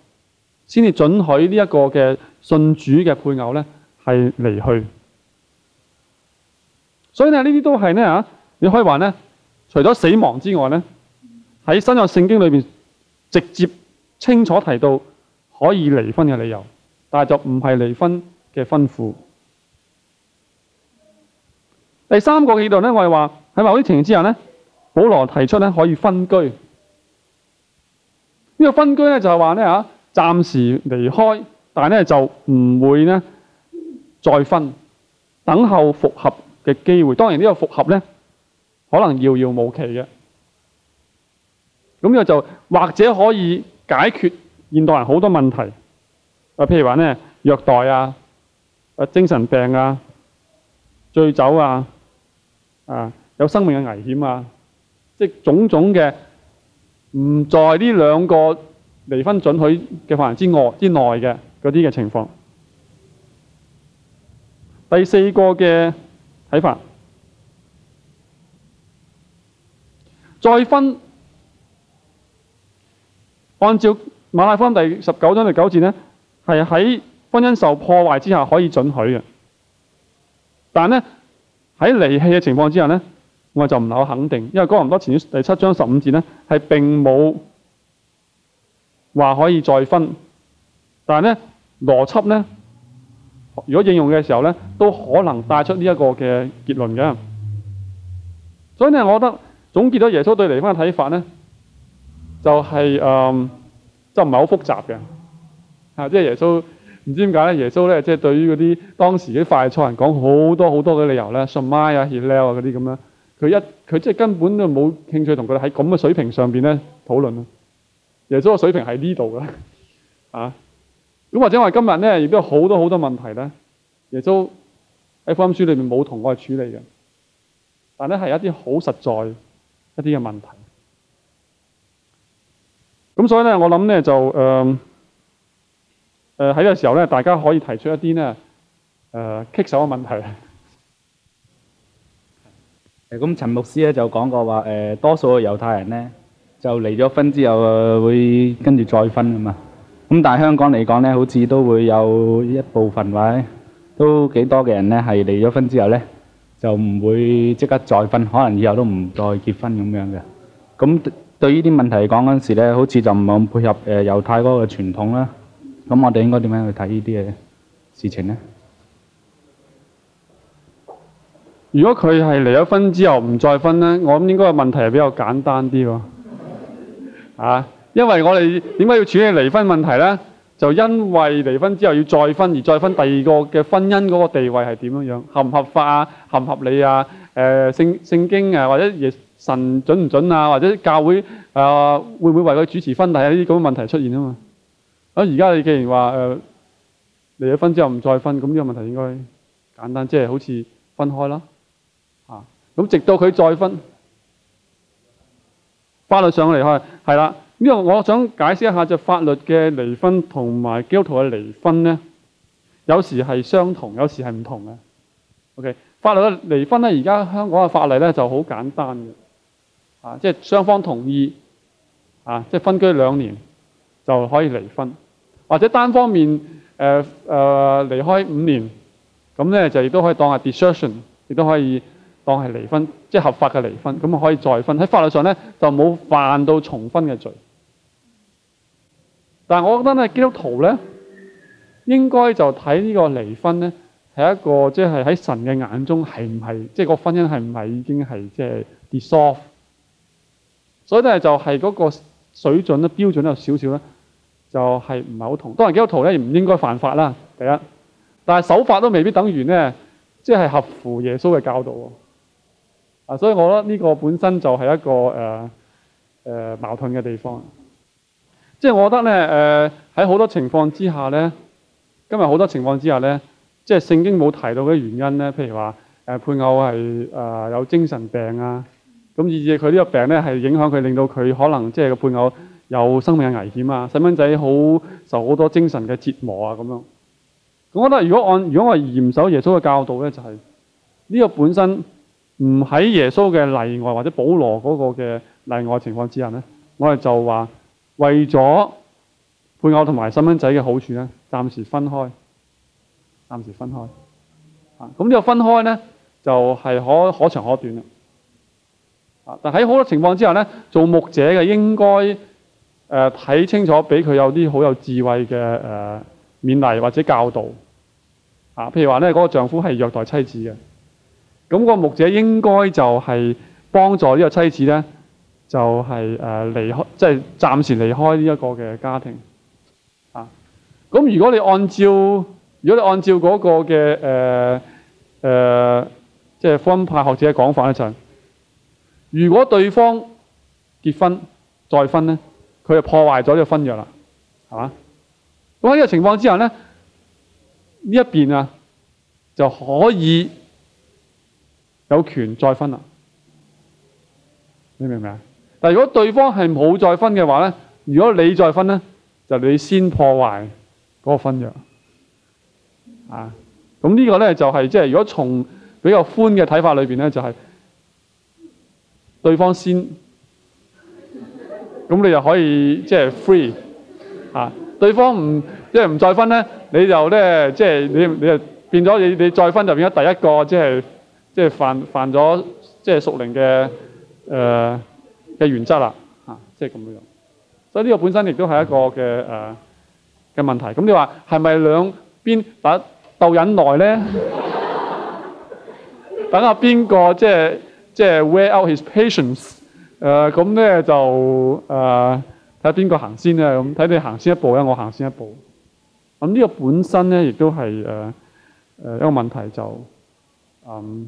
A: 先至准許呢一個嘅信主嘅配偶呢係離去。所以咧，呢啲都係呢。吓，你可以話呢，除咗死亡之外呢，喺新約聖經裏面直接清楚提到可以離婚嘅理由，但就唔係離婚嘅吩咐。第三個嘅嘢度咧，我係話喺某啲情形之下呢，保羅提出呢可以分居。呢個分居呢，就係話呢。吓。暫時離開，但係咧就唔會咧再分，等候復合嘅機會。當然呢個復合咧可能遙遙無期嘅。咁呢個就或者可以解決現代人好多問題，啊譬如話咧虐待啊、啊精神病啊、醉酒啊、啊有生命嘅危險啊，即係種種嘅唔在呢兩個離婚准許嘅範圍之外之內嘅嗰啲嘅情況。第四個嘅睇法，再分，按照馬太福音第十九章第九節呢，係喺婚姻受破壞之下可以准許嘅，但呢，喺離棄嘅情況之下呢，我就唔能肯定，因為哥林多前書第七章十五節呢是係並冇。話可以再分，但係咧邏輯咧，如果應用嘅時候咧，都可能帶出呢一個嘅結論嘅。所以咧，我覺得總結到耶穌對離婚嘅睇法咧，就係、是、誒、嗯，就唔係好複雜嘅吓。即、啊、係耶穌唔知點解咧，耶穌咧即係對於嗰啲當時啲法利賽人講好多好多嘅理由咧，順媽啊、希列啊嗰啲咁樣佢一佢即係根本都冇興趣同佢哋喺咁嘅水平上邊咧討論。耶穌嘅水平喺呢度啦，啊，咁或者我哋今日咧，亦都有好多好多問題咧。耶穌喺福音書裏面冇同我哋處理嘅，但咧係一啲好實在的一啲嘅問題。咁所以咧，我諗咧就誒誒喺呢個時候咧，大家可以提出一啲咧誒棘手嘅問題。誒咁陳牧師咧就講過話誒、呃，多數嘅猶太人咧。就離咗婚之後，會跟住再婚吖嘛。咁但係香港嚟講咧，好似都會有一部分位，都幾多嘅人咧係離咗婚之後咧，就唔會即刻再婚，可能以後都唔再結婚咁樣嘅。咁對呢啲問題嚟講嗰陣時咧，好似就唔係咁配合誒猶太嗰個傳統啦。咁我哋應該點樣去睇呢啲嘅事情咧？如果佢係離咗婚之後唔再婚咧，我諗應該個問題係比較簡單啲喎。啊！因為我哋點解要處理離婚問題咧？就因為離婚之後要再婚而再婚，第二個嘅婚姻嗰個地位係點樣樣？合唔合法啊？合唔合理啊？誒聖聖經誒、啊、或者耶神準唔準啊？或者教會誒、呃、會唔會為佢主持婚禮啊？呢啲咁嘅問題出現啊嘛！啊而家你既然話誒離咗婚之後唔再婚，咁呢個問題應該簡單，即、就、係、是、好似分開啦。啊！咁直到佢再婚。法律上嘅離開係啦，呢個我想解釋一下就法律嘅離婚同埋基督徒嘅離婚咧，有時係相同，有時係唔同嘅。OK，法律嘅離婚咧，而家香港嘅法例咧就好簡單嘅，啊，即係雙方同意，啊，即係分居兩年就可以離婚，或者單方面誒誒離開五年，咁咧就亦都可以當係 desertion，亦都可以。當係離婚，即係合法嘅離婚，咁啊可以再婚，喺法律上咧就冇犯到重婚嘅罪。但係我覺得咧，基督徒咧應該就睇呢個離婚咧係一個即係喺神嘅眼中係唔係，即係個婚姻係唔係已經係即係 dissolve。所以咧就係嗰個水準咧標準有少少咧就係唔係好同。當然基督徒咧唔應該犯法啦，第一，但係守法都未必等於咧即係合乎耶穌嘅教導。啊，所以我覺得呢個本身就係一個誒誒、呃、矛盾嘅地方，即係我覺得咧誒喺好多情況之下咧，今日好多情況之下咧，即係聖經冇提到嘅原因咧，譬如話誒、呃、配偶係誒、呃、有精神病啊，咁以至佢呢個病咧係影響佢，令到佢可能即係個配偶有生命嘅危險啊，細蚊仔好受好多精神嘅折磨啊，咁樣。咁我覺得如果按如果我嚴守耶穌嘅教導咧，就係、是、呢個本身。唔喺耶穌嘅例外或者保羅嗰個嘅例外情況之下咧，我哋就話為咗配偶同埋細蚊仔嘅好處咧，暫時分開，暫時分開。啊，咁、這、呢個分開咧就係、是、可可長可短啦。啊，但喺好多情況之下咧，做牧者嘅應該睇、呃、清楚，俾佢有啲好有智慧嘅誒勉勵或者教導。啊，譬如話咧，嗰個丈夫係虐待妻子嘅。咁、那個牧者應該就係幫助呢個妻子咧，就係、是、誒離即係、就是、暫時離開呢一個嘅家庭。啊，咁如果你按照如果你按照嗰個嘅誒誒，即係分派學者嘅講法咧，就如果對方結婚再婚咧，佢就破壞咗呢個婚約啦，係嘛？咁喺呢個情況之下咧，呢一邊啊就可以。有權再分啦，你明唔明啊？但係如果對方係冇再分嘅話咧，如果你再分咧，就你先破壞嗰個婚約啊。咁呢個咧就係即係如果從比較寬嘅睇法裏邊咧，就係、是、對方先，咁你就可以即係、就是、free 啊。對方唔即係唔再分咧，你就咧即係你你就變咗你你再分就變咗第一個即係，就是即係犯犯咗即係屬靈嘅誒嘅原則啦嚇，即係咁、呃啊、樣。所以呢個本身亦都係一個嘅誒嘅問題。咁、嗯、你話係咪兩邊打鬥忍耐咧？呢 等下邊個即係即係 wear out his patience？誒咁咧就誒睇下邊個行先咧？咁睇你行先一步咧，我行先一步。咁呢、嗯這個本身咧亦都係誒誒一個問題就嗯。呃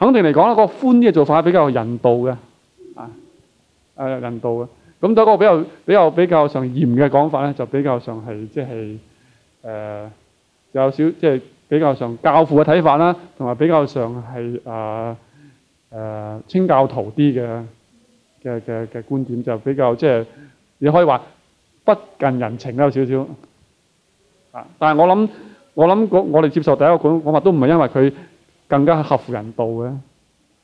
A: 肯定嚟講啦，個寬啲嘅做法比較人道嘅，啊，誒人道嘅。咁到一個比較比較比較上嚴嘅講法咧，就比較上係即係誒有少即係比較上教父嘅睇法啦，同埋比較上係啊誒清教徒啲嘅嘅嘅嘅觀點，就比較即係、就是、你可以話不近人情啦，有少少啊。但係我諗我諗我哋接受第一個講講法都唔係因為佢，更加合乎人道嘅，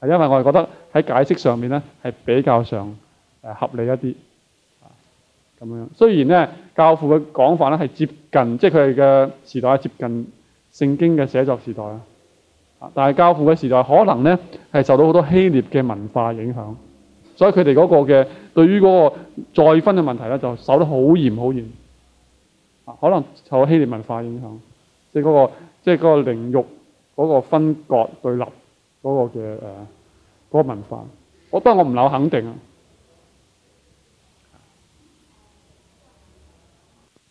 A: 係因為我哋覺得喺解釋上面咧，係比較上誒合理一啲咁樣。雖然咧教父嘅講法咧係接近，即係佢哋嘅時代係接近聖經嘅寫作時代啊，但係教父嘅時代可能咧係受到好多希臘嘅文化影響，所以佢哋嗰個嘅對於嗰個再婚嘅問題咧，就守得好嚴好嚴啊，可能受到希臘文化影響，即係嗰個即係嗰個靈慾。嗰個分割對立嗰個嘅誒嗰個文化，我當然我唔係好肯定啊。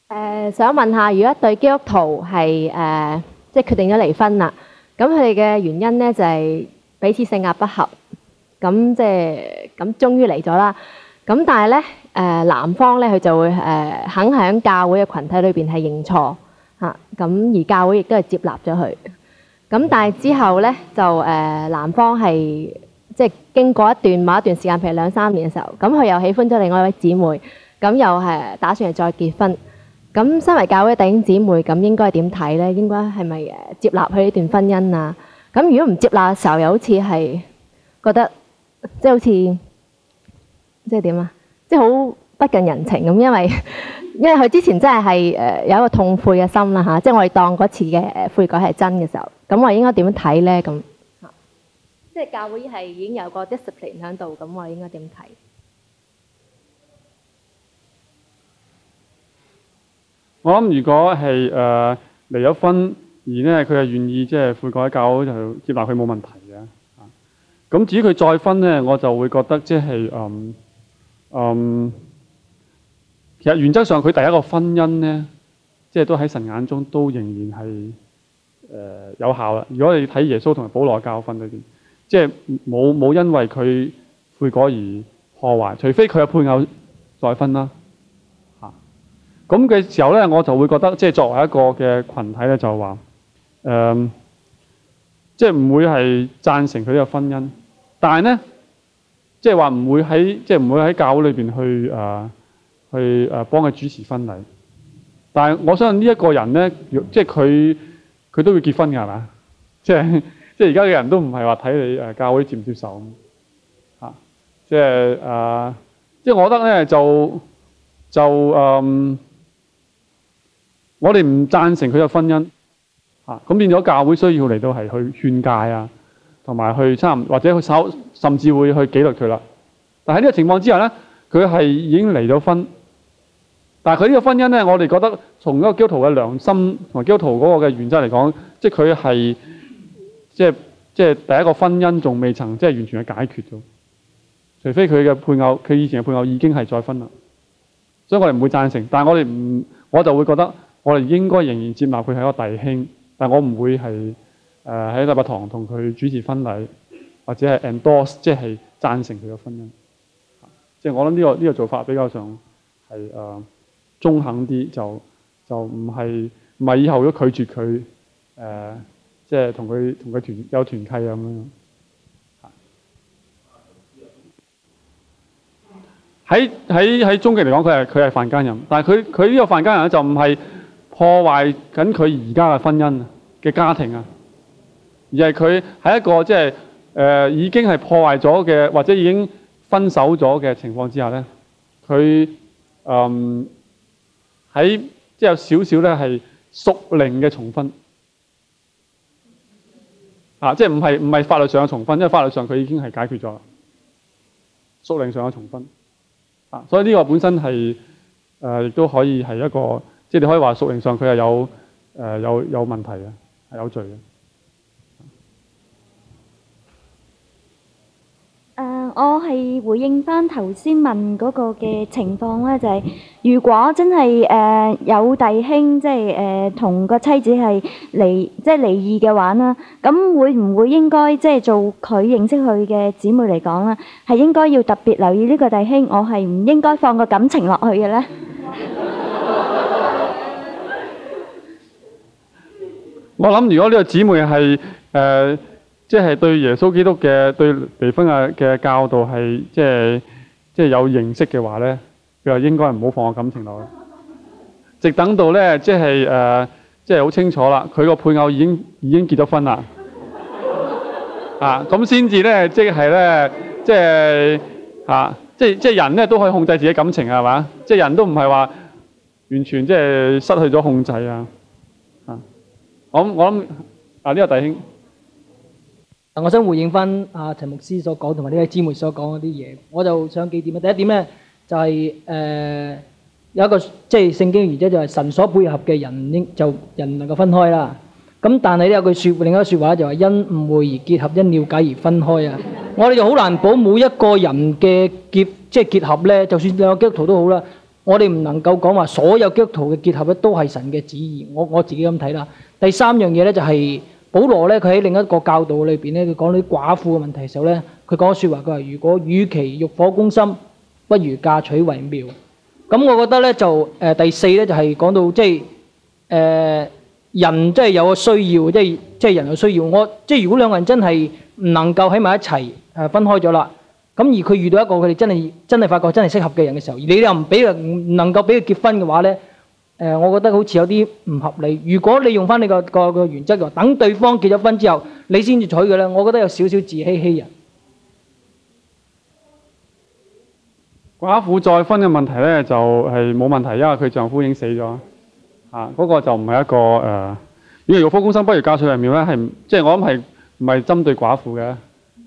B: 誒，想問下，如果一對基督徒係誒即係決定咗離婚啦，咁佢哋嘅原因咧就係彼此性格不合，咁即係咁終於嚟咗啦。咁但係咧誒男方咧佢就會誒肯喺教會嘅羣體裏邊係認錯嚇，咁而教會亦都係接納咗佢。咁但係之後咧就誒呃、男方係即係經過一段某一段時間，譬如兩三年嘅時候，咁佢又喜歡咗另外一位姊妹，咁又誒打算係再結婚。咁身為教會弟兄姊妹，咁應該點睇咧？應該係咪誒接納佢呢段婚姻啊？咁如果唔接納嘅時候，又好似係覺得即係好似即係點啊？即係好不近人情咁，因為。因為佢之前真係係誒有一個痛悔嘅心啦吓、啊，即係我哋當嗰次嘅悔改係真嘅時候，咁我應該點樣睇咧？咁、啊、即係教會係已經有個 discipline 喺度，咁我應該點睇？
A: 我諗如果係誒、呃、離咗婚而呢佢係願意即係悔改教，就接納佢冇問題嘅。咁、啊、至於佢再婚咧，我就會覺得即係嗯嗯。嗯其實原則上，佢第一個婚姻咧，即、就、係、是、都喺神眼中都仍然係誒、呃、有效啦。如果你睇耶穌同埋保羅教訓裏邊，即係冇冇因為佢悔改而破壞，除非佢有配偶再婚啦。嚇，咁嘅時候咧，我就會覺得即係、就是、作為一個嘅群體咧，就話誒，即係唔會係贊成佢呢個婚姻，但係咧，即係話唔會喺即係唔會喺教會裏邊去誒。呃去誒、呃、幫佢主持婚禮，但係我相信呢一個人咧，即係佢佢都會結婚㗎係嘛？即係即係而家嘅人都唔係話睇你誒教會接唔接受，嚇即係誒，即係我覺得咧就就誒、啊，我哋唔贊成佢嘅婚姻嚇，咁、啊、變咗教會需要嚟到係去勸誡啊，同埋去參或者去稍甚至會去紀律佢啦。但係呢個情況之下咧，佢係已經離咗婚。但佢呢個婚姻咧，我哋覺得從一個基 e 嘅良心同埋基 t h 嗰個嘅原則嚟講，即係佢係即係即第一個婚姻仲未曾即係、就是、完全嘅解決咗，除非佢嘅配偶佢以前嘅配偶已經係再婚啦，所以我哋唔會贊成。但我哋唔我就會覺得我哋應該仍然接納佢係一個弟兄，但我唔會係喺禮拜堂同佢主持婚禮或者係 endorse 即係贊成佢嘅婚姻。即、就、係、是、我諗呢、這個呢、這個、做法比較上係中肯啲，就就唔係唔係，以後都拒絕佢誒，即係同佢同佢團有團契咁樣。喺喺喺終極嚟講，佢係佢係犯姦人，但係佢佢呢個犯姦人咧，就唔係破壞緊佢而家嘅婚姻嘅家庭啊，而係佢喺一個即係誒已經係破壞咗嘅，或者已經分手咗嘅情況之下咧，佢嗯。呃喺即係有少少咧係屬靈嘅重婚啊，即係唔係唔係法律上嘅重婚，因為法律上佢已經係解決咗，屬靈上嘅重婚啊，所以呢個本身係誒亦都可以係一個，即係你可以話屬靈上佢係有誒、呃、有有問題嘅，係有罪嘅。
C: 我
B: 係回應返頭先問嗰個嘅情況咧，就係如果真係誒有弟兄，即係誒同個妻子係離即係離異嘅話啦，咁會唔會應該即係做佢認識佢嘅姊妹嚟講咧，係應該要特別留意呢個弟兄，我係唔應該放個感情落去嘅咧？
A: 我諗如果呢個姊妹係誒。即係對耶穌基督嘅，對離婚啊嘅教導係即係即係有認識嘅話咧，佢話應該唔好放我感情落去，直等到咧即係誒，即係好、呃、清楚啦。佢個配偶已經已經結咗婚啦，啊咁先至咧，即係咧，即係即係即係人咧都可以控制自己感情啊，係嘛？即係人都唔係話完全即係失去咗控制啊，我我諗啊呢、這個弟兄。
C: 我想回應翻阿陳牧師所講同埋呢位姊妹所講嗰啲嘢，我就想幾點啊？第一點咧就係、是、誒、呃、有一個即係、就是、聖經原則就係神所配合嘅人應就人能夠分開啦。咁但係咧有句說另一個說話就係因誤會而結合，因了解而分開啊。 我哋就好難保每一個人嘅結即係、就是、結合咧，就算兩個基督徒都好啦，我哋唔能夠講話所有基督徒嘅結合咧都係神嘅旨意。我我自己咁睇啦。第三樣嘢咧就係、是。保羅咧，佢喺另一個教導裏邊咧，佢講啲寡婦嘅問題嘅時候咧，佢講個說話，佢話如果與其欲火攻心，不如嫁娶為妙。咁我覺得咧就誒、呃、第四咧就係、是、講到即係誒人真係有個需要，即係即係人有需要。我即係、就是、如果兩個人真係唔能夠喺埋一齊誒、啊、分開咗啦，咁而佢遇到一個佢哋真係真係發覺真係適合嘅人嘅時候，你又唔俾佢能夠俾佢結婚嘅話咧？誒、呃，我覺得好似有啲唔合理。如果你用翻你的個個個原則嘅，等對方結咗婚之後，你先至娶佢咧，我覺得有少少自欺欺人。
A: 寡婦再婚嘅問題咧，就係、是、冇問題，因為佢丈夫已經死咗。嚇、啊，嗰、那個就唔係一個誒、呃就是，不如慾火攻心，不如嫁出去為妙咧，係即係我諗係唔係針對寡婦嘅，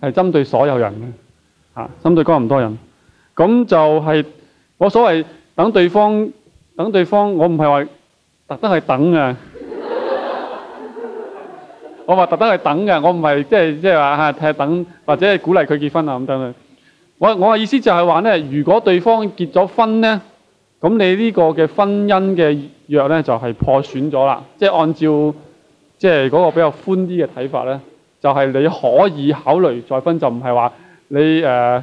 A: 係針對所有人嘅。嚇、啊，針對嗰咁多人，咁就係、是、我所謂等對方。等對方，我唔係話特登去等啊！ 我話特登去等嘅，我唔係即係即係話嚇，睇等或者係鼓勵佢結婚啊咁樣。我我嘅意思就係話咧，如果對方結咗婚咧，咁你呢個嘅婚姻嘅約咧就係破損咗啦。即係按照即係嗰個比較寬啲嘅睇法咧，就係你可以考慮再婚，就唔係話你誒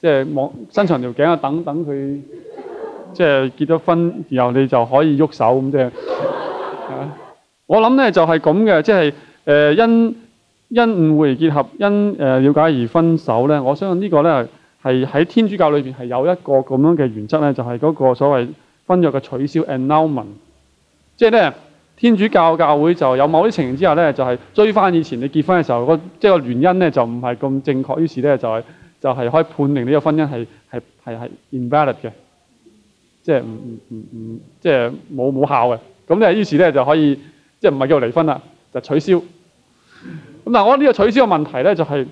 A: 即係望伸長條頸啊等等佢。即、就、係、是、結咗婚，然後你就可以喐手咁啫。就是、 我諗咧就係咁嘅，即、就、係、是呃、因因誤會而結合，因、呃、了解而分手咧。我相信個呢個咧係喺天主教裏面係有一個咁樣嘅原則咧，就係、是、嗰個所謂婚約嘅取消 annulment 即係咧，天主教教會就有某啲情形之下咧，就係、是、追翻以前你結婚嘅時候個即係個原因咧，就唔係咁正確，於是咧就係、是、就係、是、可以判定呢個婚姻係係係係 invalid 嘅。即係唔唔唔唔，即係冇冇效嘅咁咧。於是咧就可以即係唔係叫離婚啦，就取消咁嗱。但我呢個取消嘅問題咧、就是，就係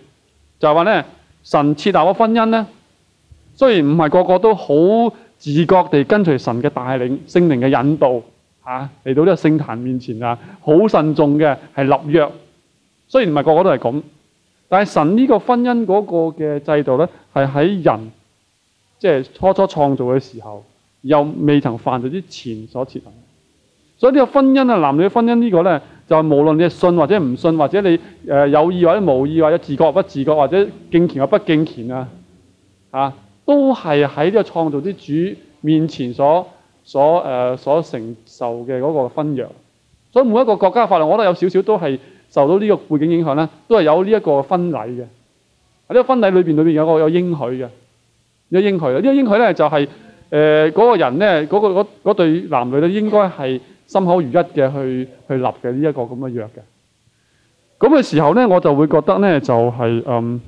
A: 就係話咧，神設立個婚姻咧，雖然唔係個個都好自覺地跟隨神嘅帶領聖靈嘅引導嚟、啊、到呢個聖壇面前啊，好慎重嘅係立約。雖然唔係個個都係咁，但係神呢個婚姻嗰個嘅制度咧，係喺人即係、就是、初初創造嘅時候。又未曾犯罪之前所設立，所以呢個婚姻啊，男女婚姻這個呢個咧，就無論你係信或者唔信，或者你誒有意或者無意，或者自覺不自覺，或者敬虔或不敬虔啊，嚇，都係喺呢個創造之主面前所所誒、呃、所承受嘅嗰個婚約。所以每一個國家嘅法律，我覺得有少少都係受到呢個背景影響咧，都係有呢一個婚禮嘅。喺呢個婚禮裏邊裏邊有個有應許嘅，有應許啦，呢、這個應許咧就係、是。誒嗰個人咧，嗰個嗰嗰對男女咧，應該係心口如一嘅去去立嘅呢一個咁嘅約嘅。咁嘅時候咧，我就會覺得咧，就係嗯，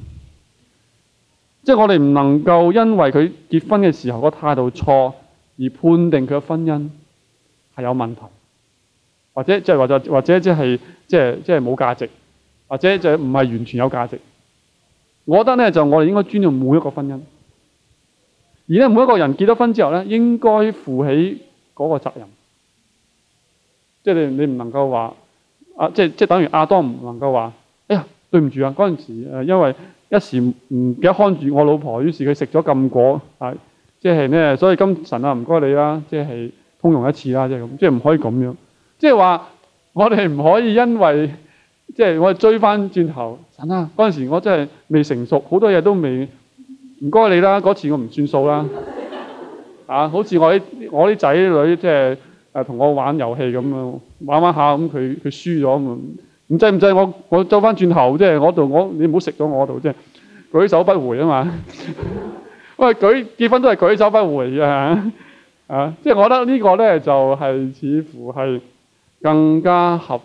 A: 即係我哋唔能夠因為佢結婚嘅時候個態度錯而判定佢嘅婚姻係有問題，或者即係或者或者即係即係即係冇價值，或者就唔係完全有價值。我覺得咧，就我哋應該尊重每一個婚姻。而咧，每一個人結咗婚之後咧，應該負起嗰個責任。即係你你唔能夠話啊，即係即係等於阿當唔能夠話，哎呀，對唔住啊，嗰陣時候因為一時唔記得看住我老婆，於是佢食咗禁果啊，即係咧，所以今神啊，唔該你啦，即係通融一次啦，即係咁，即係唔可以咁樣。即係話我哋唔可以因為，即係我哋追翻轉頭，神啊，嗰時候我真係未成熟，好多嘢都未。唔該你啦，嗰次我唔算數啦，啊，好似我啲我啲仔女即係同我玩遊戲咁樣玩玩下，咁佢佢輸咗咁，唔制唔制？我我走翻轉頭即係我度，我，我，我你唔好食到我度即係舉手不回啊嘛，喂， 舉結婚都係舉手不回啊，啊，即係我覺得個呢個咧就係、是、似乎係更加合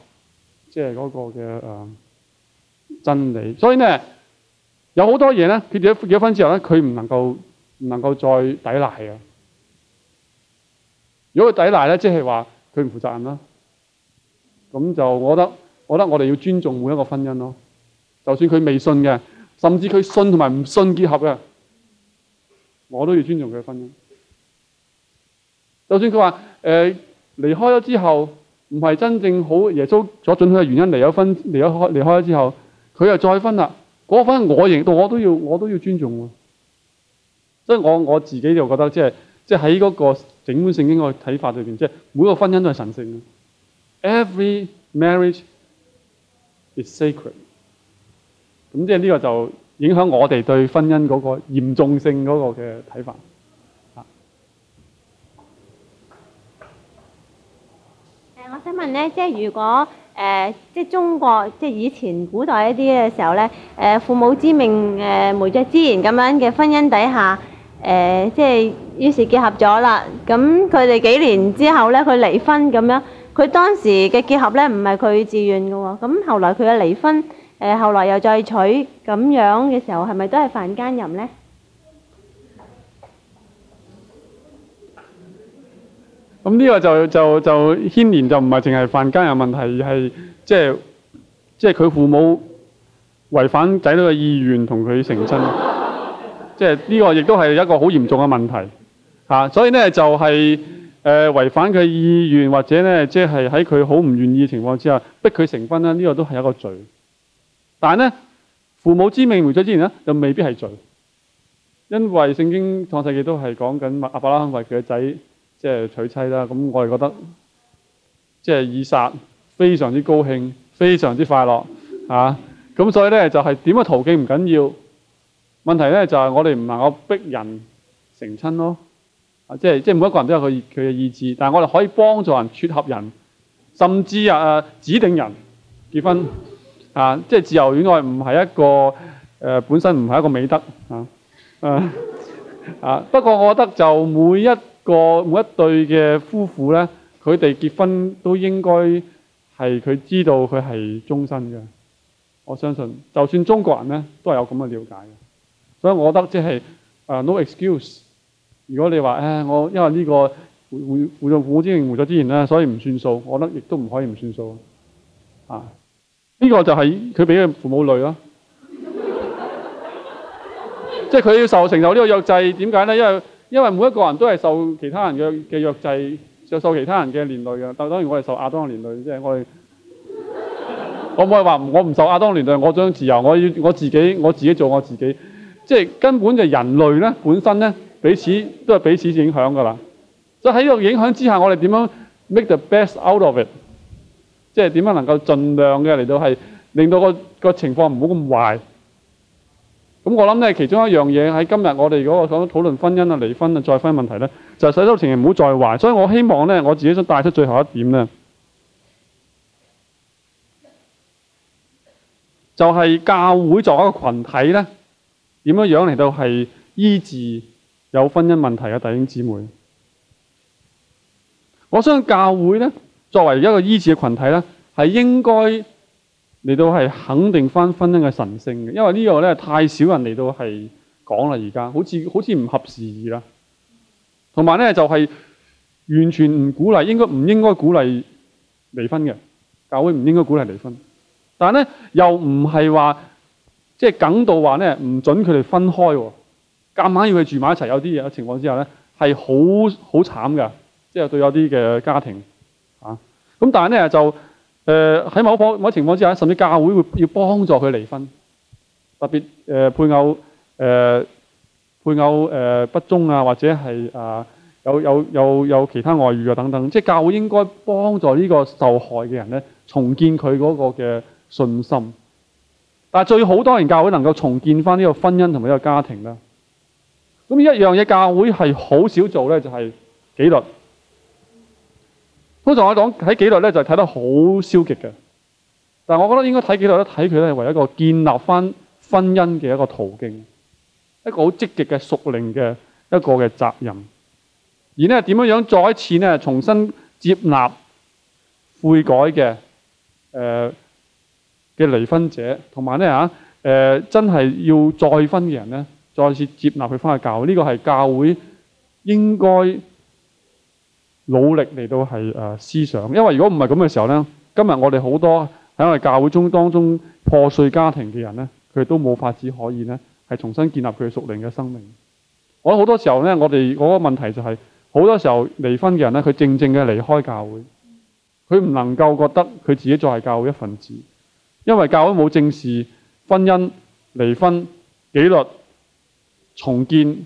A: 即係嗰個嘅、呃、真理，所以咧。有好多嘢咧，佢哋一結咗婚之後咧，佢唔能夠唔能夠再抵賴啊！如果佢抵賴咧，即係話佢唔負責任啦。咁就我覺得，我覺得我哋要尊重每一個婚姻咯。就算佢未信嘅，甚至佢信同埋唔信結合嘅，我都要尊重佢嘅婚姻。就算佢話誒離開咗之後，唔係真正好耶穌所準許嘅原因，離咗婚，離咗開，離開咗之後，佢又再婚啦。嗰個我認到我都要我都要尊重喎、啊，所以我我自己就覺得即係即係喺嗰個整本聖經個睇法裏邊，即係每個婚姻都係神聖嘅。Every marriage is sacred。咁即係呢個就影響我哋對婚姻嗰個嚴重性嗰個嘅睇法。誒、呃，我想問咧，即
B: 係如果。誒，即係中國，即係以前古代一啲嘅時候咧，誒父母之命，誒媒妁之言咁樣嘅婚姻底下，誒即係於是結合咗啦。咁佢哋幾年之後咧，佢離婚咁樣，佢當時嘅結合咧唔係佢自願嘅喎。咁後來佢嘅離婚，誒後來又再娶咁樣嘅時候，係咪都係犯奸淫咧？
A: 咁、這、呢個就就就牽連就唔係淨係凡間人問題，而係即係即係佢父母違反仔女嘅意願同佢成親，即係呢個亦都係一個好嚴重嘅問題、啊、所以咧就係誒違反佢意願或者咧即係喺佢好唔願意嘅情況之下逼佢成婚咧，呢、這個都係一個罪。但係咧父母之命媒妁之言，咧，又未必係罪，因為聖經創世紀都係講緊亞伯拉罕為佢嘅仔。即係娶妻啦，咁我哋覺得即係、就是、以撒非常之高興，非常之快樂嚇。咁、啊、所以咧就係點嘅途徑唔緊要，問題咧就係、是、我哋唔能夠逼人成親咯。啊，即係即係每一個人都有佢佢嘅意志，但係我哋可以幫助人撮合人，甚至啊、呃、指定人結婚啊。即、就、係、是、自由戀愛唔係一個誒、呃、本身唔係一個美德嚇啊啊。不過我覺得就每一。個每一對嘅夫婦咧，佢哋結婚都應該係佢知道佢係終身嘅。我相信，就算中國人咧，都係有咁嘅了解。所以，我覺得即係誒 no excuse。如果你話誒我因為呢個回回回咗父母之命，回咗之言咧，所以唔算數，我覺得亦都唔可以唔算數。啊，呢、這個就係佢俾佢父母累咯。即係佢要受承受呢個約制，點解咧？因為因為每一個人都係受其他人嘅嘅約制，就受其他人嘅連累嘅。但當然我係受亞當的連累，即係我係 我唔係話我唔受亞當的連累，我想自由，我要我自己，我自己做我自己。即係根本就人類呢本身呢，彼此都係彼此影響㗎啦。所以喺呢個影響之下，我哋點樣 make the best out of it？即係點樣能夠盡量嘅嚟到係令到個個情況唔好咁壞？咁我諗呢其中一樣嘢喺今日我哋嗰個討論婚姻啊、離婚再婚問題咧，就係、使到情人唔好再壞。所以我希望呢我自己想帶出最後一點呢就係、係、教會作為一個群體咧，點樣樣嚟到係醫治有婚姻問題嘅弟兄姊妹。我相信教會呢作為一個醫治嘅群體咧，係應該。嚟到係肯定翻婚姻嘅神聖嘅，因為這個呢個咧太少人嚟到係講啦，而家好似好似唔合時宜啦。同埋咧就係、是、完全唔鼓勵，應該唔應該鼓勵離婚嘅？教會唔應該鼓勵離婚，但係咧又唔係話即係梗到話咧唔准佢哋分開喎。夾硬要佢住埋一齊，有啲嘢嘅情況之下咧係好好慘噶，即係、就是、對有啲嘅家庭啊。咁但係咧就。誒、呃、喺某個某個情況之下，甚至教會會要幫助佢離婚，特別誒、呃、配偶誒、呃、配偶誒、呃、不忠啊，或者係啊、呃、有有有有其他外遇啊等等，即係教會應該幫助呢個受害嘅人咧，重建佢嗰個嘅信心。但係最好當然教會能夠重建翻呢個婚姻同埋呢個家庭啦。咁一樣嘢，教會係好少做咧，就係、是、紀律。通常我講睇紀律咧，看就睇得好消極嘅。但我覺得應該睇紀律咧，睇佢咧為一個建立返婚姻嘅一個途徑，一個好積極嘅屬靈嘅一個嘅責任。而咧點樣再次重新接納悔改嘅、呃、離離婚者，同埋、呃、真係要再婚嘅人呢再次接納佢返去教會，呢、呢個係教會應該。努力嚟到係誒，思想，因為如果唔係咁嘅時候咧，今日我哋好多喺我哋教會中當中破碎家庭嘅人咧，佢都冇法子可以咧係重新建立佢嘅屬靈嘅生命。我好多時候咧，我哋嗰個問題就係、是、好多時候離婚嘅人咧，佢正正嘅離開教會，佢唔能夠覺得佢自己再係教會一份子，因為教會冇正視婚姻離婚紀律重建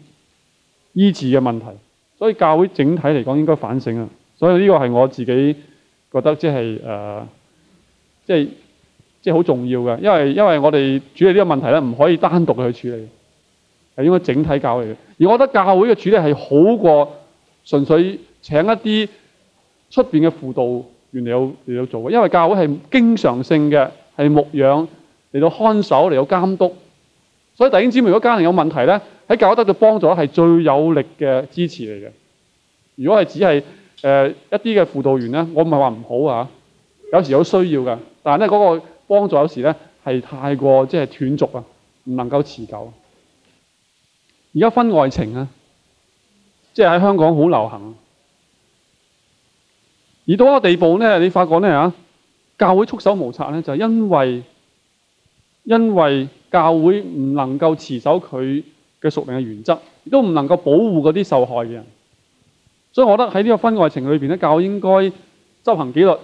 A: 醫治嘅問題。所以教會整體嚟講應該反省啊！所以呢個係我自己覺得即係誒即係即係好重要嘅，因為因為我哋處理呢個問題咧，唔可以單獨去處理，係應該整體教嚟嘅。而我覺得教會嘅處理係好過純粹請一啲出邊嘅輔導員嚟有嚟到做嘅，因為教會係經常性嘅，係牧養嚟到看守嚟到監督。所以弟兄姊妹，如果家庭有問題咧，喺教會得到幫助係最有力嘅支持嚟嘅。如果係只係誒、呃、一啲嘅輔導員咧，我唔係話唔好啊。有時好需要嘅，但係咧，嗰個幫助有時咧係太過即係斷續啊，唔能夠持久。而家婚外情啊，即係喺香港好流行。而到一個地步咧，你發覺咧嚇，教會束手無策咧，就係因為因為教會唔能夠持守佢。嘅屬命嘅原則，亦都唔能夠保護嗰啲受害嘅人，所以我覺得喺呢個婚外情裏面，咧，教應該執行紀律，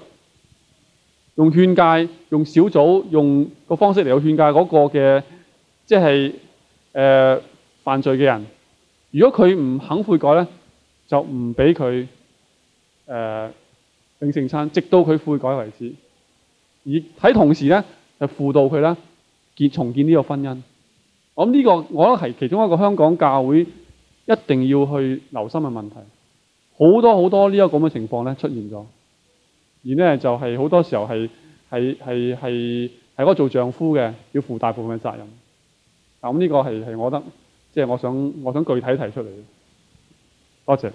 A: 用勸戒、用小組、用個方式嚟到勸戒嗰個嘅，即係、呃、犯罪嘅人。如果佢唔肯悔改咧，就唔俾佢呃領聖餐，直到佢悔改為止。而喺同時咧，就輔導佢呢結重建呢個婚姻。咁、這、呢個，我覺得係其中一個香港教會一定要去留心嘅問題。好多好多呢一個咁嘅情況咧出現咗，而呢就係、是、好多時候係係係係係嗰做丈夫嘅要負大部分嘅責任。咁呢個係係我覺得，即、就、係、是、我想我想具體提出嚟。多謝。